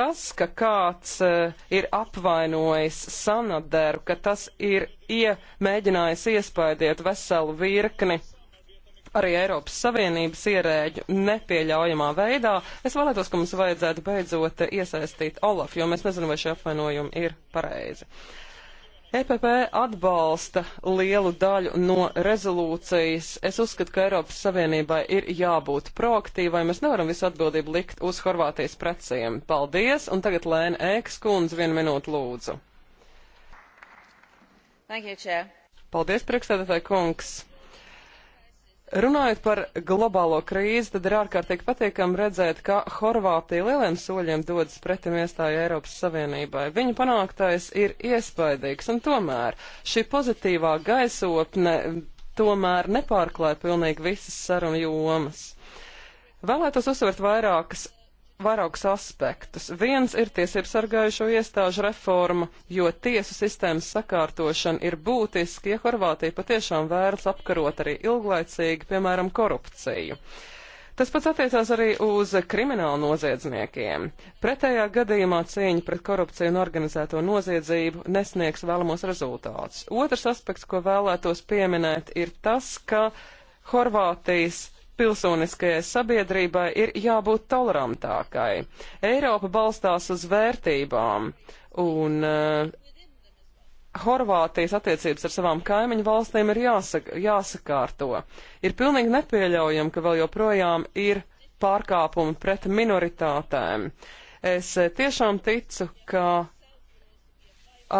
tas, ka kāds uh, ir apvainojis Sanaderu, ka tas ir ie, mēģinājis iespaidiet veselu virkni arī Eiropas Savienības ierēģu nepieļaujamā veidā. Es vēlētos, ka mums vajadzētu beidzot iesaistīt Olaf, jo mēs nezinām, vai šie apvainojumi ir pareizi. EPP atbalsta lielu daļu no rezolūcijas. Es uzskatu, ka Eiropas Savienībai ir jābūt proaktīvai. Mēs nevaram visu atbildību likt uz Horvātijas preciem. Paldies, un tagad Lēna Ēkas kundze vienu minūtu lūdzu. Thank you, Chair. Paldies, priekšstādātāji kungs. Runājot par globālo krīzi, tad ir ārkārtīgi patīkami redzēt, ka Horvātija lieliem soļiem dodas pretim iestāju Eiropas Savienībai. Viņa panāktais ir iespaidīgs, un tomēr šī pozitīvā gaisotne tomēr nepārklāja pilnīgi visas sarunu jomas. Vēlētos uzsvert vairākas vairākus aspektus. Viens ir tiesībsargājušo iestāžu reforma, jo tiesu sistēmas sakārtošana ir būtiski, ja Horvātija patiešām vēlas apkarot arī ilglaicīgi, piemēram, korupciju. Tas pats attiecās arī uz kriminālu noziedzniekiem. Pretējā gadījumā cīņa pret korupciju un organizēto noziedzību nesniegs vēlamos rezultātus. Otrs aspekts, ko vēlētos pieminēt, ir tas, ka Horvātijas pilsoniskajai sabiedrībai ir jābūt tolerantākai. Eiropa balstās uz vērtībām, un uh, Horvātijas attiecības ar savām kaimiņu valstīm ir jāsaka, jāsakārto. Ir pilnīgi nepieļaujami, ka vēl joprojām ir pārkāpumi pret minoritātēm. Es eh, tiešām ticu, ka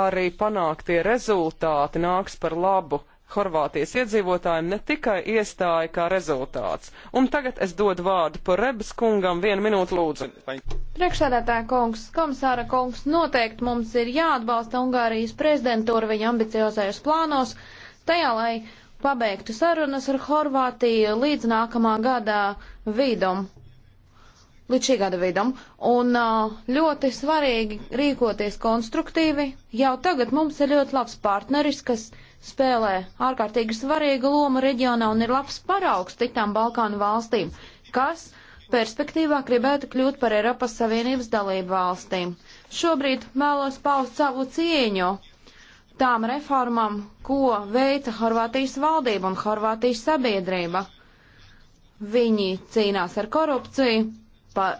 arī panāktie rezultāti nāks par labu Horvātijas iedzīvotājiem ne tikai iestāja kā rezultāts. Un tagad es dodu vārdu par Rebes kungam vienu minūtu lūdzu. Priekšsēdētāja kungs, komisāra kungs, noteikti mums ir jāatbalsta Ungārijas prezidentūra viņa ambiciozajos plānos, tajā lai pabeigtu sarunas ar Horvātiju līdz nākamā gada vidum līdz šī gada vidum. Un ļoti svarīgi rīkoties konstruktīvi. Jau tagad mums ir ļoti labs partneris, kas spēlē ārkārtīgi svarīgu lomu reģionā un ir labs paraugs citām Balkānu valstīm, kas perspektīvā gribētu kļūt par Eiropas Savienības dalību valstīm. Šobrīd vēlos paust savu cieņu tām reformām, ko veica Horvātijas valdība un Horvātijas sabiedrība. Viņi cīnās ar korupciju, pa,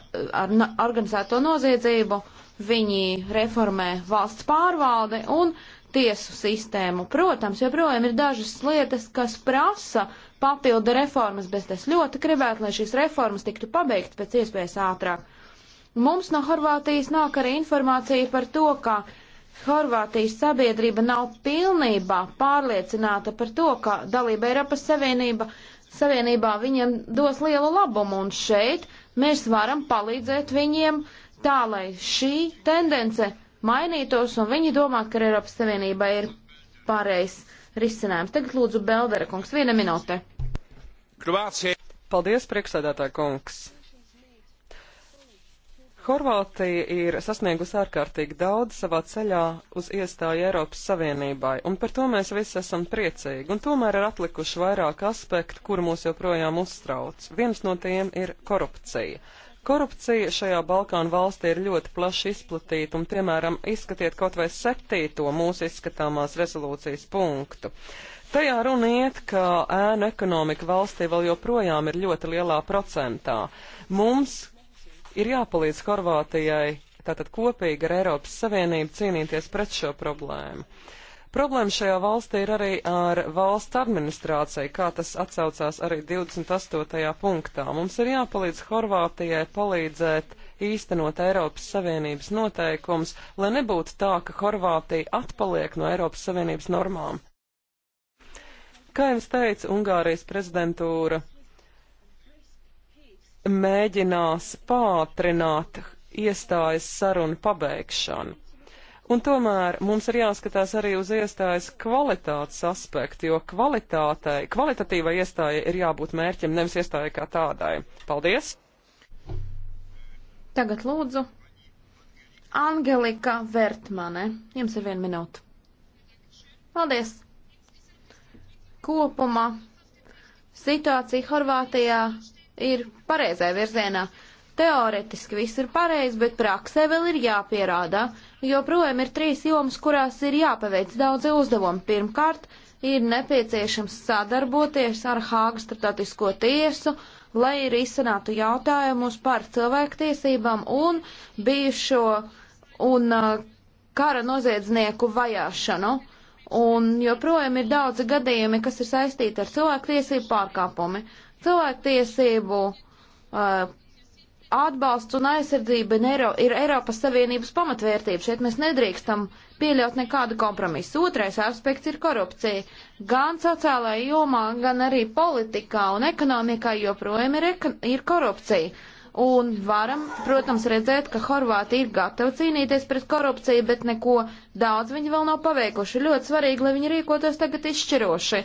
ar organizēto noziedzību, viņi reformē valsts pārvaldi un tiesu sistēmu. Protams, joprojām ir dažas lietas, kas prasa papildu reformas, bet es ļoti gribētu, lai šīs reformas tiktu pabeigts pēc iespējas ātrāk. Mums no Horvātijas nāk arī informācija par to, ka Horvātijas sabiedrība nav pilnībā pārliecināta par to, ka dalība Eiropas Savienība, Savienībā viņiem dos lielu labumu, un šeit mēs varam palīdzēt viņiem tā, lai šī tendence mainītos un viņi domātu, ka Eiropas Savienībā ir pareizs risinājums. Tagad lūdzu Beldera kungs, viena minūte. Krvācija. Paldies, priekšsēdētāja kungs. Horvātija ir sasniegusi ārkārtīgi daudz savā ceļā uz iestāju Eiropas Savienībai, un par to mēs visi esam priecīgi, un tomēr ir atlikuši vairāk aspektu, kur mūs joprojām uztrauc. Viens no tiem ir korupcija. Korupcija šajā Balkānu valstī ir ļoti plaši izplatīta, un, piemēram, izskatiet kaut vai septīto mūsu izskatāmās rezolūcijas punktu. Tajā runa iet, ka ēnu ekonomika valstī vēl joprojām ir ļoti lielā procentā. Mums ir jāpalīdz Horvātijai, tātad kopīgi ar Eiropas Savienību cīnīties pret šo problēmu. Problēma šajā valstī ir arī ar valsts administrāciju, kā tas atsaucās arī 28. punktā. Mums ir jāpalīdz Horvātijai palīdzēt īstenot Eiropas Savienības noteikums, lai nebūtu tā, ka Horvātija atpaliek no Eiropas Savienības normām. Kā jums teica Ungārijas prezidentūra, mēģinās pātrināt iestājas sarunu pabeigšanu. Un tomēr mums ir jāskatās arī uz iestājas kvalitātes aspektu, jo kvalitātei, kvalitatīvai iestājai ir jābūt mērķim, nevis iestājai kā tādai. Paldies! Tagad lūdzu Angelika Vertmane. Jums ir viena minūte. Paldies! Kopumā situācija Horvātijā ir pareizajā virzienā. Teoretiski viss ir pareizi, bet praksē vēl ir jāpierādā, jo projām ir trīs jomas, kurās ir jāpaveic daudzi uzdevumi. Pirmkārt, ir nepieciešams sadarboties ar Hāgas starptautisko tiesu, lai arī izsanātu jautājumus par cilvēktiesībām un bijušo un uh, kara noziedznieku vajāšanu. Un joprojām ir daudzi gadījumi, kas ir saistīti ar cilvēktiesību pārkāpumi. Cilvēktiesību uh, atbalsts un aizsardzība Eiro, ir Eiropas Savienības pamatvērtība. Šeit mēs nedrīkstam pieļaut nekādu kompromisu. Otrais aspekts ir korupcija. Gan sociālajā jomā, gan arī politikā un ekonomikā joprojām ir, ir korupcija. Un varam, protams, redzēt, ka Horvāti ir gatavi cīnīties pret korupciju, bet neko daudz viņi vēl nav paveikuši. Ļoti svarīgi, lai viņi rīkotos tagad izšķiroši.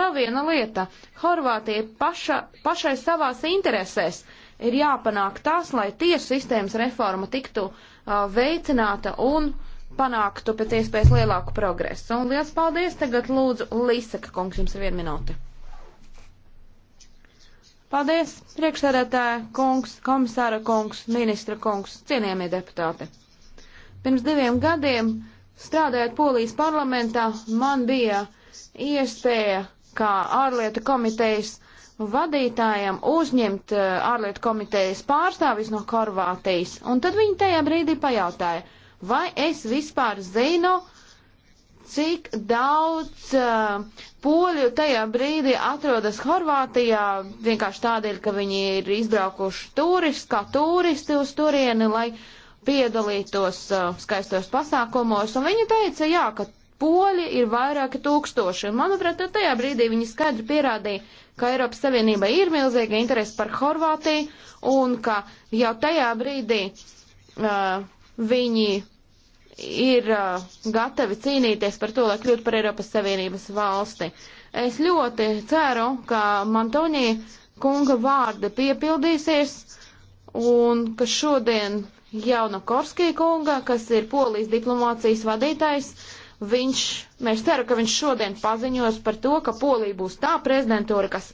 Vēl viena lieta. Horvātija paša, pašai savās interesēs ir jāpanāk tas, lai tiesu sistēmas reforma tiktu uh, veicināta un panāktu pēc iespējas lielāku progresu. Un liels paldies! Tagad lūdzu Līsaka kungs, jums ir viena minūte. Paldies, priekšsēdētāja kungs, komisāra kungs, ministra kungs, cienījamie deputāti. Pirms diviem gadiem, strādājot Polijas parlamentā, man bija iespēja kā ārlietu komitejas vadītājam uzņemt eh, ārlietu komitejas pārstāvis no Horvātijas. Un tad viņi tajā brīdī pajautāja, vai es vispār zinu, cik daudz uh, poļu tajā brīdī atrodas Horvātijā, vienkārši tādēļ, ka viņi ir izbraukuši turisti, kā turisti uz turieni, lai piedalītos uh, skaistos pasākumos. Un viņi teica, jā, ka Poļi ir vairāki tūkstoši, un manuprāt, tajā brīdī viņi skaidri pierādīja, ka Eiropas Savienībai ir milzīga interese par Horvātiju, un ka jau tajā brīdī uh, viņi ir uh, gatavi cīnīties par to, lai kļūtu par Eiropas Savienības valsti. Es ļoti ceru, ka Mantonī kunga vārdi piepildīsies, un ka šodien Jauna Korskija kunga, kas ir polijas diplomācijas vadītājs, uh, Viņš, mēs ceru, ka viņš šodien paziņos par to, ka Polija būs tā prezidentūra, kas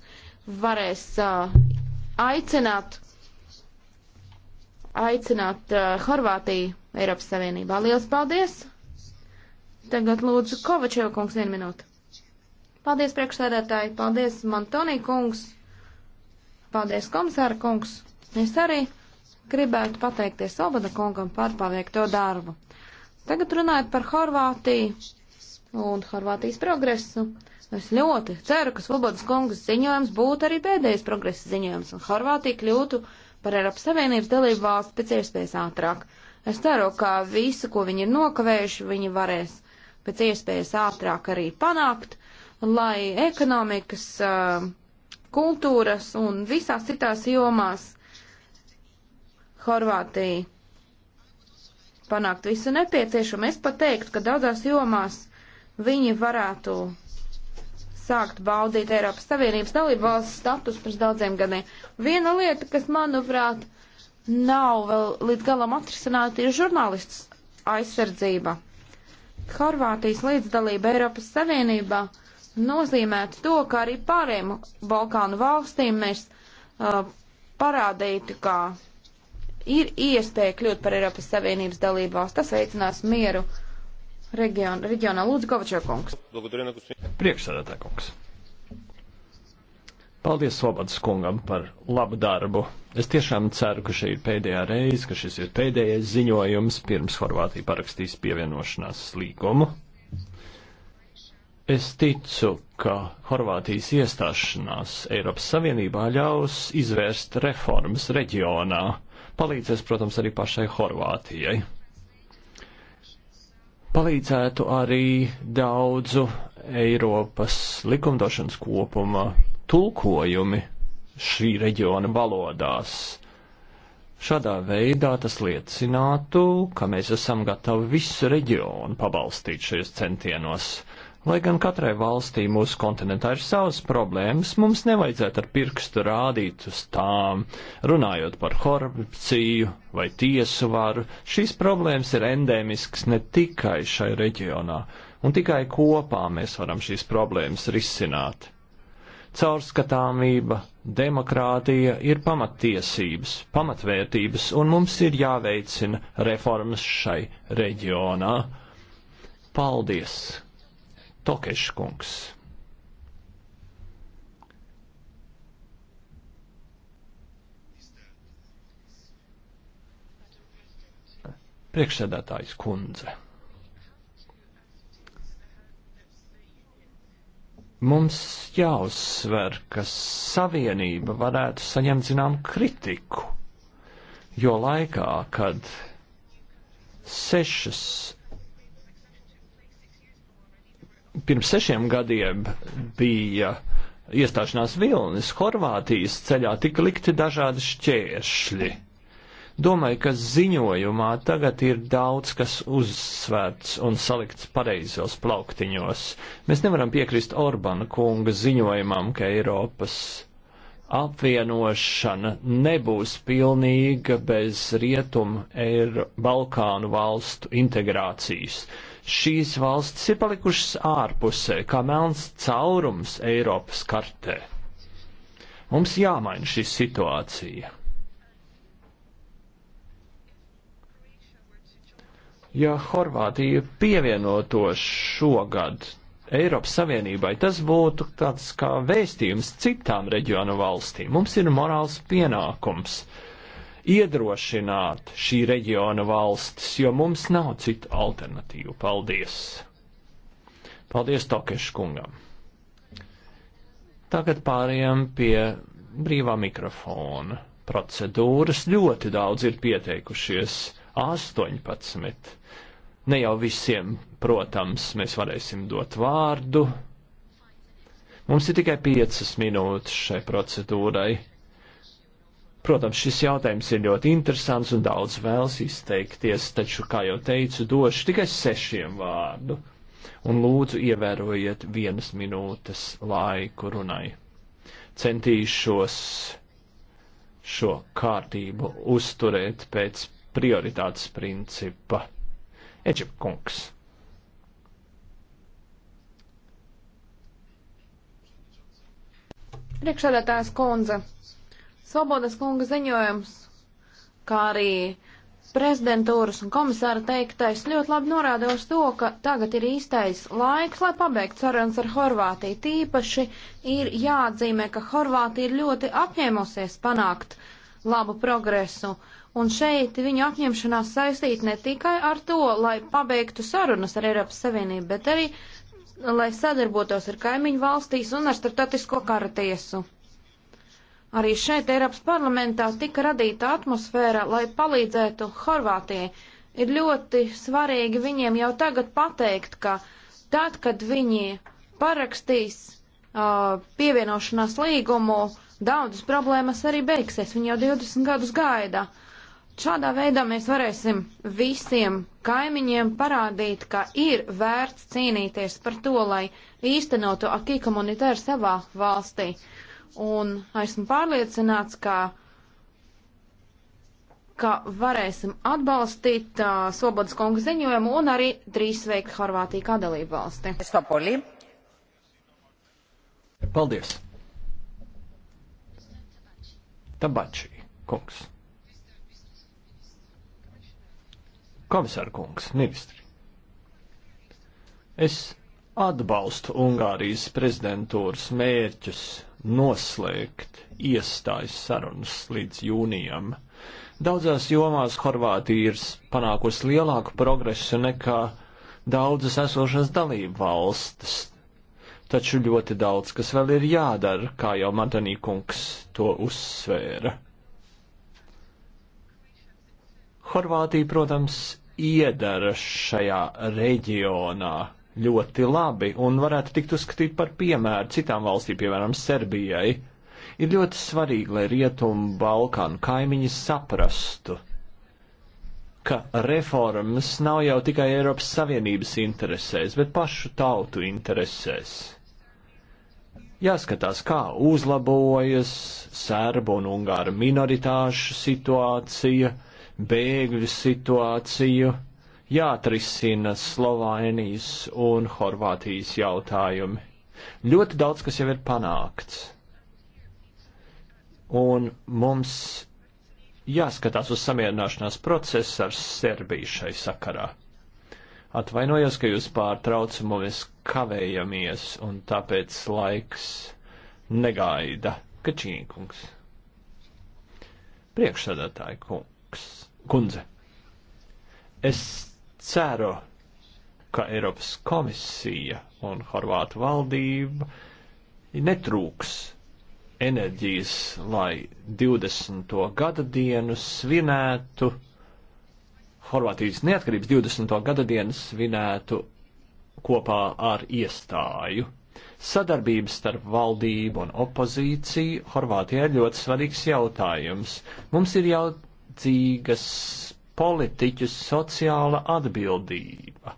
varēs uh, aicināt, aicināt uh, Horvātiju Eiropas Savienībā. Lielas paldies! Tagad lūdzu Kovačev kungs vienu minūti. Paldies priekšsēdētāji, paldies Mantonī kungs, paldies komisāra kungs. Es arī gribētu pateikties Obada kungam par paveikto darbu. Tagad runājot par Horvātiju un Horvātijas progresu. Es ļoti ceru, ka Svobodas kungas ziņojums būtu arī pēdējais progresa ziņojums un Horvātija kļūtu par Eiropas Savienības dalību valsts pēc iespējas ātrāk. Es ceru, ka visu, ko viņi ir nokavējuši, viņi varēs pēc iespējas ātrāk arī panākt, lai ekonomikas, uh, kultūras un visās citās jomās Horvātija panākt visu nepieciešamo. Es pat teiktu, ka daudzās jomās viņi varētu sākt baudīt Eiropas Savienības dalību valsts status pirms daudziem gadiem. Viena lieta, kas, manuprāt, nav vēl līdz galam atrisināta, ir žurnālists aizsardzība. Horvātijas līdzdalība Eiropas Savienībā nozīmētu to, ka arī pārējiem Balkānu valstīm mēs uh, parādītu, kā ir iespēja kļūt par Eiropas Savienības dalību valsts. Tas veicinās mieru reģion, reģionā. Lūdzu, Kovačev kungs. Priekšsēdētāj kungs. Paldies Sobats kungam par labu darbu. Es tiešām ceru, ka šī ir pēdējā reize, ka šis ir pēdējais ziņojums pirms Horvātija parakstīs pievienošanās līgumu. Es ticu, ka Horvātijas iestāšanās Eiropas Savienībā ļaus izvērst reformas reģionā palīdzēs, protams, arī pašai Horvātijai. Palīdzētu arī daudzu Eiropas likumdošanas kopuma tulkojumi šī reģiona valodās. Šādā veidā tas liecinātu, ka mēs esam gatavi visu reģionu pabalstīt šajos centienos. Lai gan katrai valstī mūsu kontinentā ir savas problēmas, mums nevajadzētu ar pirkstu rādīt uz tām, runājot par korupciju vai tiesu varu. Šīs problēmas ir endēmisks ne tikai šai reģionā, un tikai kopā mēs varam šīs problēmas risināt. Caurskatāmība, demokrātija ir pamatiesības, pamatvērtības, un mums ir jāveicina reformas šai reģionā. Paldies! Tokešs kungs. Priekšsēdētājs kundze. Mums jāuzsver, ka savienība varētu saņemt zinām kritiku, jo laikā, kad sešas pirms sešiem gadiem bija iestāšanās vilnis, Horvātijas ceļā tika likti dažādi šķēršļi. Domāju, ka ziņojumā tagad ir daudz kas uzsvērts un salikts pareizos plauktiņos. Mēs nevaram piekrist Orbana kunga ziņojumam, ka Eiropas apvienošana nebūs pilnīga bez rietumu Balkānu valstu integrācijas šīs valstis ir palikušas ārpusē, kā melns caurums Eiropas kartē. Mums jāmaina šī situācija. Ja Horvātija pievienotos šogad Eiropas Savienībai, tas būtu tāds kā vēstījums citām reģionu valstīm. Mums ir morāls pienākums iedrošināt šī reģiona valstis, jo mums nav citu alternatīvu. Paldies! Paldies Tokešu kungam! Tagad pārējām pie brīvā mikrofona procedūras. Ļoti daudz ir pieteikušies - 18. Ne jau visiem, protams, mēs varēsim dot vārdu. Mums ir tikai 5 minūtes šai procedūrai. Protams, šis jautājums ir ļoti interesants un daudz vēlas izteikties, taču, kā jau teicu, došu tikai sešiem vārdu. Un lūdzu, ievērojiet vienas minūtes laiku runai. Centīšos šo kārtību uzturēt pēc prioritātes principa. Eģipkungs. Priekšsēdētājs Konza. Svobodas kunga ziņojums, kā arī prezidentūras un komisāra teiktais ļoti labi norāda uz to, ka tagad ir īstais laiks, lai pabeigtu sarunas ar Horvātiju. Tīpaši ir jāatzīmē, ka Horvātija ir ļoti apņēmusies panākt labu progresu. Un šeit viņu apņemšanās saistīt ne tikai ar to, lai pabeigtu sarunas ar Eiropas Savienību, bet arī, lai sadarbotos ar kaimiņu valstīs un ar starptautisko karatiesu. Arī šeit Eiropas parlamentā tika radīta atmosfēra, lai palīdzētu Horvātijai. Ir ļoti svarīgi viņiem jau tagad pateikt, ka tad, kad viņi parakstīs uh, pievienošanās līgumu, daudzas problēmas arī beigsies. Viņi jau 20 gadus gaida. Šādā veidā mēs varēsim visiem kaimiņiem parādīt, ka ir vērts cīnīties par to, lai īstenotu akī komunitāru savā valstī. Uh, un esmu pārliecināts, ka, ka varēsim atbalstīt uh, Sobodas kungu ziņojumu un arī drīz veikt Horvātiju kā dalību valsti. Paldies! Tabači kungs. Komisāra kungs, ministri. Es atbalstu Ungārijas prezidentūras mērķus noslēgt iestājas sarunas līdz jūnijam. Daudzās jomās Horvātija ir panākusi lielāku progresu nekā daudzas esošās dalību valstis, taču ļoti daudz, kas vēl ir jādara, kā jau Madanī kungs to uzsvēra. Horvātija, protams, iedara šajā reģionā, ļoti labi un varētu tikt uzskatīt par piemēru citām valstīm, piemēram, Serbijai. Ir ļoti svarīgi, lai Rietumu Balkānu kaimiņi saprastu, ka reformas nav jau tikai Eiropas Savienības interesēs, bet pašu tautu interesēs. Jāskatās, kā uzlabojas sērbu un ungāru minoritāšu situācija, bēgļu situāciju jāatrisina Slovānijas un Horvātijas jautājumi. Ļoti daudz, kas jau ir panākts. Un mums jāskatās uz samierināšanās procesu ar Serbiju šai sakarā. Atvainojos, ka jūs pārtraucumu mēs kavējamies, un tāpēc laiks negaida. Kačīnkungs. Priekšsēdētāji kungs, kundze. Es Ceru, ka Eiropas komisija un Horvātu valdība netrūks enerģijas, lai 20. gada dienu svinētu, Horvātijas neatkarības 20. gada dienu svinētu kopā ar iestāju. Sadarbības starp valdību un opozīciju Horvātijai ir ļoti svarīgs jautājums. Mums ir jaudzīgas politiķu sociāla atbildība.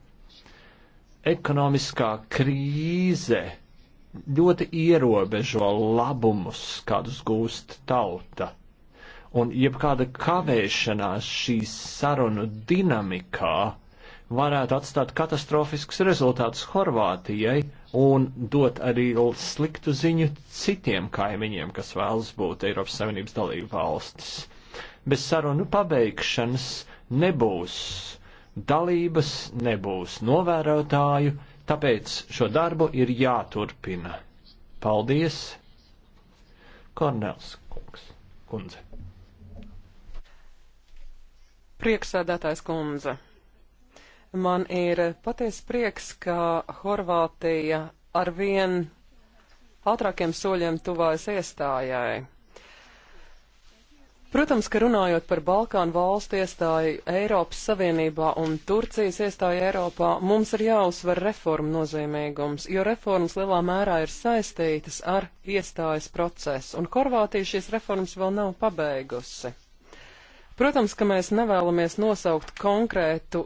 Ekonomiskā krīze ļoti ierobežo labumus, kādus gūst tauta, un jebkāda kavēšanās šīs sarunu dinamikā varētu atstāt katastrofiskus rezultātus Horvātijai un dot arī sliktu ziņu citiem kaimiņiem, kas vēlas būt Eiropas Savienības dalību valstis. Bez sarunu pabeigšanas nebūs dalības, nebūs novērotāju, tāpēc šo darbu ir jāturpina. Paldies, Kornels kungs, kundze. Prieksēdētājs kundze. Man ir patiesi prieks, ka Horvātija arvien ātrākiem soļiem tuvojas iestājai. Protams, ka runājot par Balkānu valstu iestāju Eiropas Savienībā un Turcijas iestāju Eiropā, mums ir jāuzsver reformu nozīmīgums, jo reformas lielā mērā ir saistītas ar iestājas procesu, un Horvātija šīs reformas vēl nav pabeigusi. Protams, ka mēs nevēlamies nosaukt konkrētu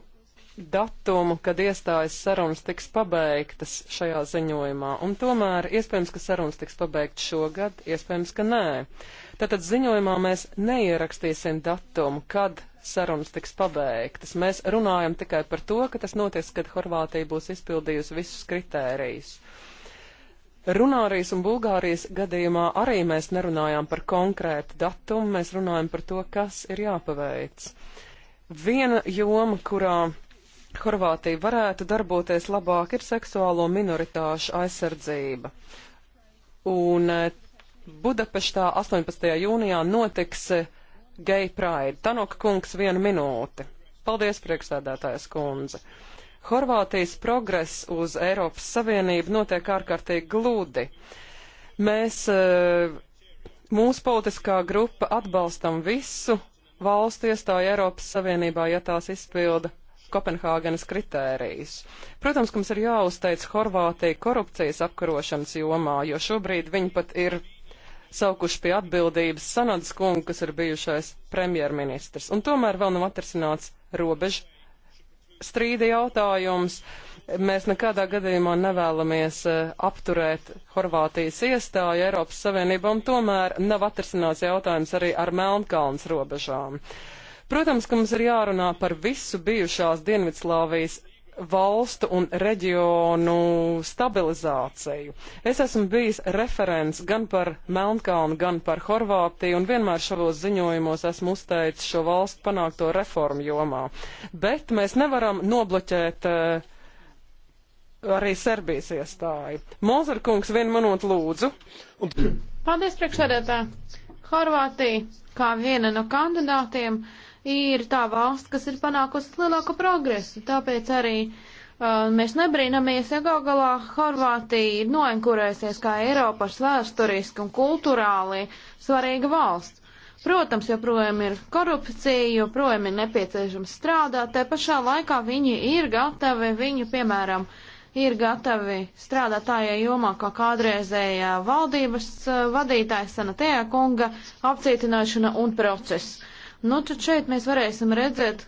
datumu, kad iestājas sarunas tiks pabeigtas šajā ziņojumā, un tomēr iespējams, ka sarunas tiks pabeigtas šogad, iespējams, ka nē. Tātad ziņojumā mēs neierakstīsim datumu, kad sarunas tiks pabeigtas. Mēs runājam tikai par to, ka tas notiks, kad Horvātija būs izpildījusi visus kritērijus. Runārijas un Bulgārijas gadījumā arī mēs nerunājām par konkrētu datumu, mēs runājam par to, kas ir jāpaveic. Viena joma, kurā Horvātija varētu darboties labāk, ir seksuālo minoritāšu aizsardzība. Un eh, Budapeštā 18. jūnijā notiks eh, Gay Pride. Tanoka kungs, viena minūte. Paldies, priekšsēdētājas kundze. Horvātijas progress uz Eiropas Savienību notiek ārkārtīgi glūdi. Mēs, eh, mūsu politiskā grupa atbalstam visu valstu iestāju Eiropas Savienībā, ja tās izpilda Kopenhāgenes kritērijas. Protams, ka mums ir jāuzteic Horvātija korupcijas apkarošanas jomā, jo šobrīd viņi pat ir saukuši pie atbildības Sanadas kungu, kas ir bijušais premjerministrs. Un tomēr vēl nav atrasināts robežu strīda jautājums. Mēs nekādā gadījumā nevēlamies uh, apturēt Horvātijas iestāju Eiropas Savienībā, un tomēr nav atrasināts jautājums arī ar Melnkalnas robežām. Protams, ka mums ir jārunā par visu bijušās Dienvidslāvijas valstu un reģionu stabilizāciju. Es esmu bijis referents gan par Melnkalnu, gan par Horvātiju un vienmēr šavos ziņojumos esmu uzteicis šo valstu panākto reformu jomā. Bet mēs nevaram nobloķēt uh, arī Serbijas iestāju. Mozart kungs, vienu minūtu lūdzu. Un... Paldies, priekšsēdētā. Horvātija, kā viena no kandidātiem, uh, ir tā valsts, kas ir panākusi lielāku progresu. Tāpēc arī uh, mēs nebrīnamies, ja gal galā Horvātija ir noenkurēsies kā Eiropas vēsturiski un kulturāli svarīga valsts. Protams, joprojām ir korupcija, joprojām ir nepieciešams strādāt, te pašā laikā viņi ir gatavi, viņu, piemēram, ir gatavi strādāt tajā jomā, kā kādreizējā valdības uh, vadītājs Sanatējā kunga apcietināšana un process. Nu, tad šeit mēs varēsim redzēt,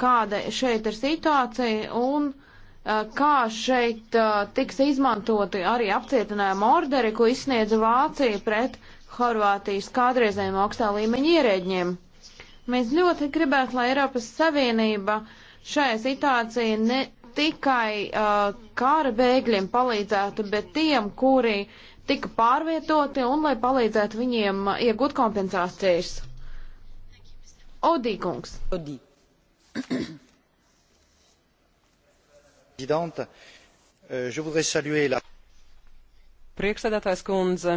kāda šeit ir situācija un uh, kā šeit uh, tiks izmantoti arī apcietinājuma orderi, ko izsniedza Vācija pret Horvātijas kādreizējiem augstā līmeņa ierēģiem. Mēs ļoti gribētu, lai Eiropas Savienība šajā situācijā ne tikai uh, kara bēgļiem palīdzētu, bet tiem, kuri tika pārvietoti un lai palīdzētu viņiem iegūt kompensācijas. Odīkungs. Euh, Odī. Priekšsēdētājs kundze,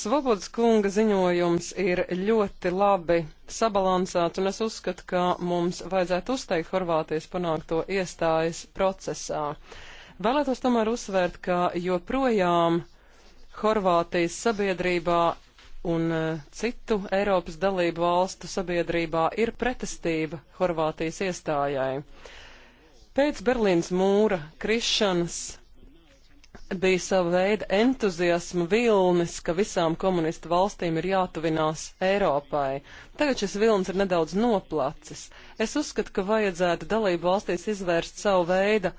Svobodas kunga ziņojums ir ļoti labi sabalansēts, un es uzskatu, ka mums vajadzētu uzteikt Horvātijas panākto iestājas procesā. Vēlētos tomēr uzsvērt, ka joprojām Horvātijas sabiedrībā un eh, citu Eiropas dalību valstu sabiedrībā ir pretestība Horvātijas iestājai. Pēc Berlīnas mūra krišanas bija sava veida entuziasma vilnis, ka visām komunistu valstīm ir jātuvinās Eiropai. Tagad šis vilnis ir nedaudz noplacis. Es uzskatu, ka vajadzētu dalību valstīs izvērst savu veidu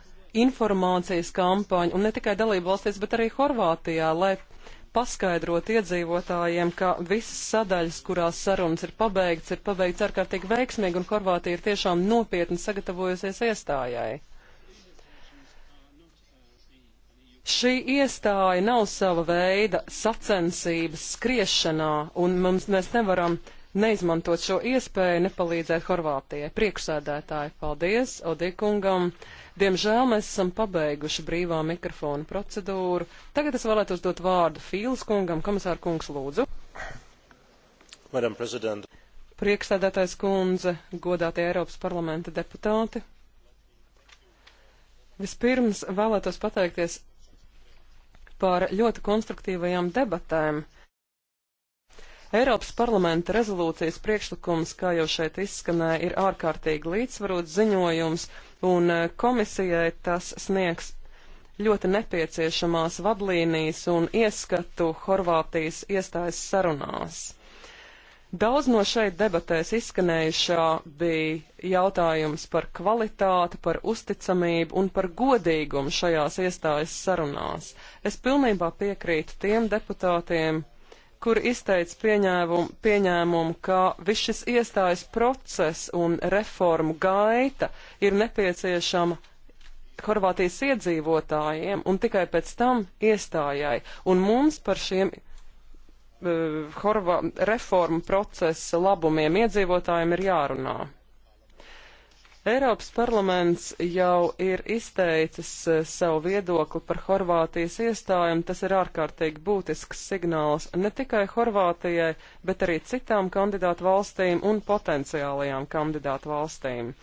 informācijas kampaņu, un ne tikai dalību valstīs, bet arī Horvātijā, lai paskaidrot iedzīvotājiem, ka visas sadaļas, kurās sarunas ir pabeigts, ir pabeigts ārkārtīgi veiksmīgi un Horvātija ir tiešām nopietni sagatavojusies iestājai. Šī iestāja nav sava veida sacensības skriešanā, un mums, mēs nevaram uh, neizmantot šo iespēju, nepalīdzēt Horvātijai. Priekšsēdētāji, paldies Odikungam. Diemžēl mēs esam pabeiguši brīvā mikrofona procedūru. Tagad es vēlētos dot vārdu Fīls kungam. Komisāra kungs, lūdzu. Madam President. Priekšsēdētājs kundze, godātie Eiropas parlamenta deputāti. Vispirms vēlētos pateikties par ļoti konstruktīvajām debatēm. Eiropas parlamenta rezolūcijas priekšlikums, kā jau šeit izskanēja, ir ārkārtīgi līdzsvarots ziņojums, un eh, komisijai tas sniegs ļoti nepieciešamās vadlīnijas un ieskatu Horvātijas iestājas sarunās. Daudz no šeit debatēs izskanējušā bija jautājums par kvalitāti, par uzticamību un par godīgumu šajās iestājas sarunās. Es pilnībā piekrītu tiem deputātiem, kur izteica pieņēmumu, pieņēmumu, ka viss šis iestājas process un reformu gaita ir nepieciešama Horvātijas iedzīvotājiem un tikai pēc tam iestājai. Un mums par šiem uh, eh, horva, reformu procesa labumiem iedzīvotājiem ir jārunā. Eiropas parlaments jau ir izteicis e, savu viedokli par Horvātijas iestājumu. Tas ir ārkārtīgi būtisks signāls ne tikai Horvātijai, bet arī citām kandidātu valstīm un potenciālajām kandidātu valstīm.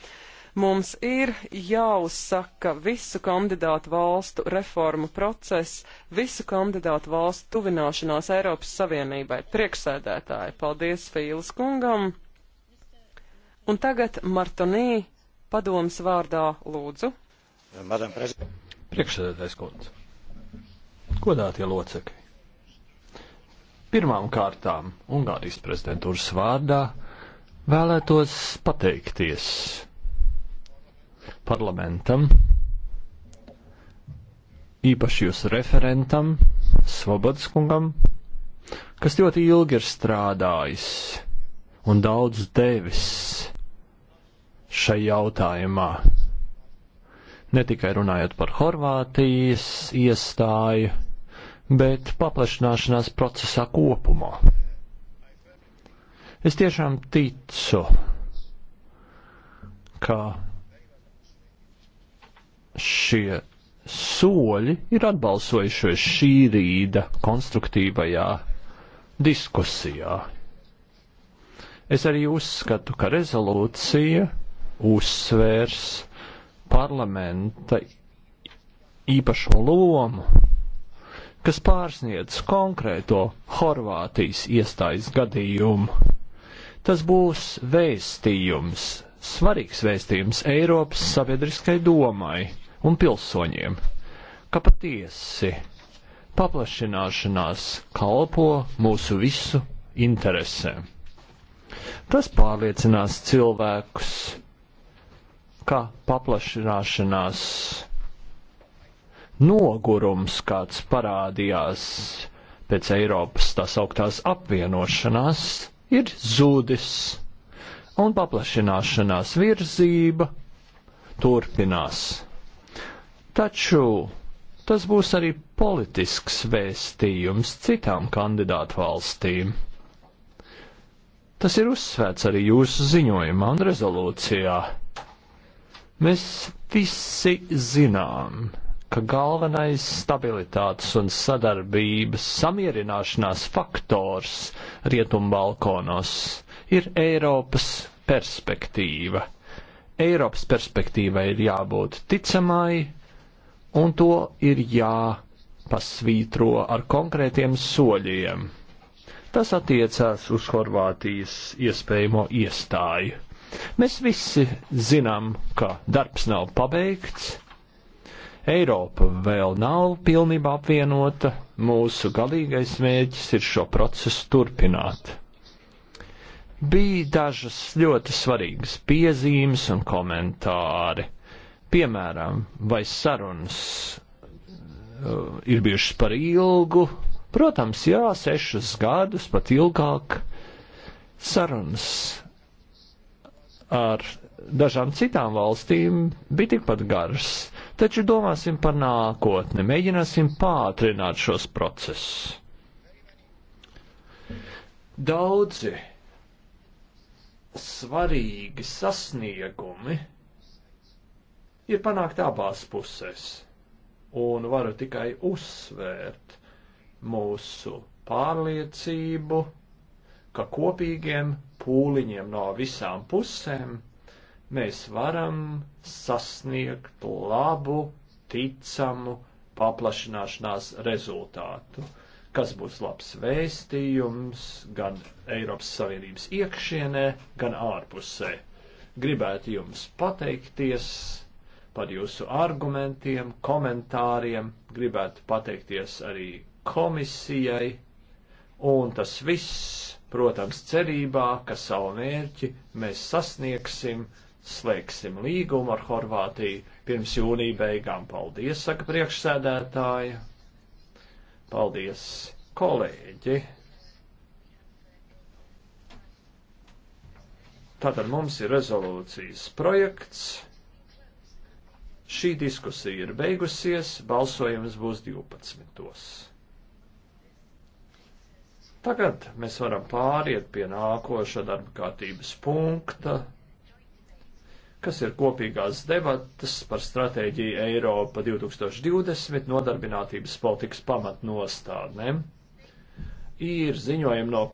Mums ir jāuzsaka visu kandidātu valstu reformu procesu, visu kandidātu valstu tuvināšanās Eiropas Savienībai. Prieksēdētāji, paldies Fīles kungam! Un tagad Martonī padomas vārdā lūdzu. Priekšsēdētājs kundze. Godātie locekļi. Pirmām kārtām Ungārijas prezidentūras vārdā vēlētos pateikties parlamentam, īpaši jūsu referentam, Svobodskungam, kas ļoti ilgi ir strādājis un daudz devis šai jautājumā. Ne tikai runājot par Horvātijas iestāju, bet paplašināšanās procesā kopumā. Es tiešām ticu, ka šie soļi ir atbalsojušies šī rīta konstruktīvajā diskusijā. Es arī uzskatu, ka rezolūcija uzsvērs parlamenta īpašo lomu, kas pārsniedz konkrēto Horvātijas iestājas gadījumu. Tas būs vēstījums, svarīgs vēstījums Eiropas sabiedriskai domai un pilsoņiem, ka patiesi paplašināšanās kalpo mūsu visu interesēm. Tas pārliecinās cilvēkus kā paplašināšanās nogurums, kāds parādījās pēc Eiropas tās augtās apvienošanās, ir zudis, un paplašināšanās virzība turpinās. Taču tas būs arī politisks vēstījums citām kandidātu valstīm. Tas ir uzsvērts arī jūsu ziņojumā un rezolūcijā. Mēs visi zinām, ka galvenais stabilitātes un sadarbības samierināšanās faktors Rietumbalkonos ir Eiropas perspektīva. Eiropas perspektīvai ir jābūt ticamai, un to ir jāpasvītro ar konkrētiem soļiem. Tas attiecās uz Horvātijas iespējamo iestāju. Mēs visi zinām, ka darbs nav pabeigts, Eiropa vēl nav pilnībā apvienota, mūsu galīgais mērķis ir šo procesu turpināt. Bija dažas ļoti svarīgas piezīmes un komentāri. Piemēram, vai sarunas uh, ir bijušas par ilgu? Protams, jā, sešas gadus, pat ilgāk. Sarunas ar dažām citām valstīm bija tikpat garš. Taču domāsim par nākotni, mēģināsim pātrināt šos procesus. Daudzi svarīgi sasniegumi ir panākt abās pusēs, un varu tikai uzsvērt mūsu pārliecību, ka kopīgiem pūliņiem no visām pusēm mēs varam sasniegt labu, ticamu paplašināšanās rezultātu, kas būs labs vēstījums gan Eiropas Savienības iekšienē, gan ārpusē. Gribētu jums pateikties par jūsu argumentiem, komentāriem, gribētu pateikties arī komisijai, un tas viss protams, cerībā, ka savu mērķi mēs sasniegsim, slēgsim līgumu ar Horvātiju pirms jūnija beigām. Paldies, saka priekšsēdētāja. Paldies, kolēģi. Tātad mums ir rezolūcijas projekts. Šī diskusija ir beigusies, balsojums būs 12. Tagad mēs varam pāriet pie nākoša darba kārtības punkta, kas ir kopīgās debatas par stratēģiju Eiropa 2020 nodarbinātības politikas pamatnostādnēm. Ir ziņojumi no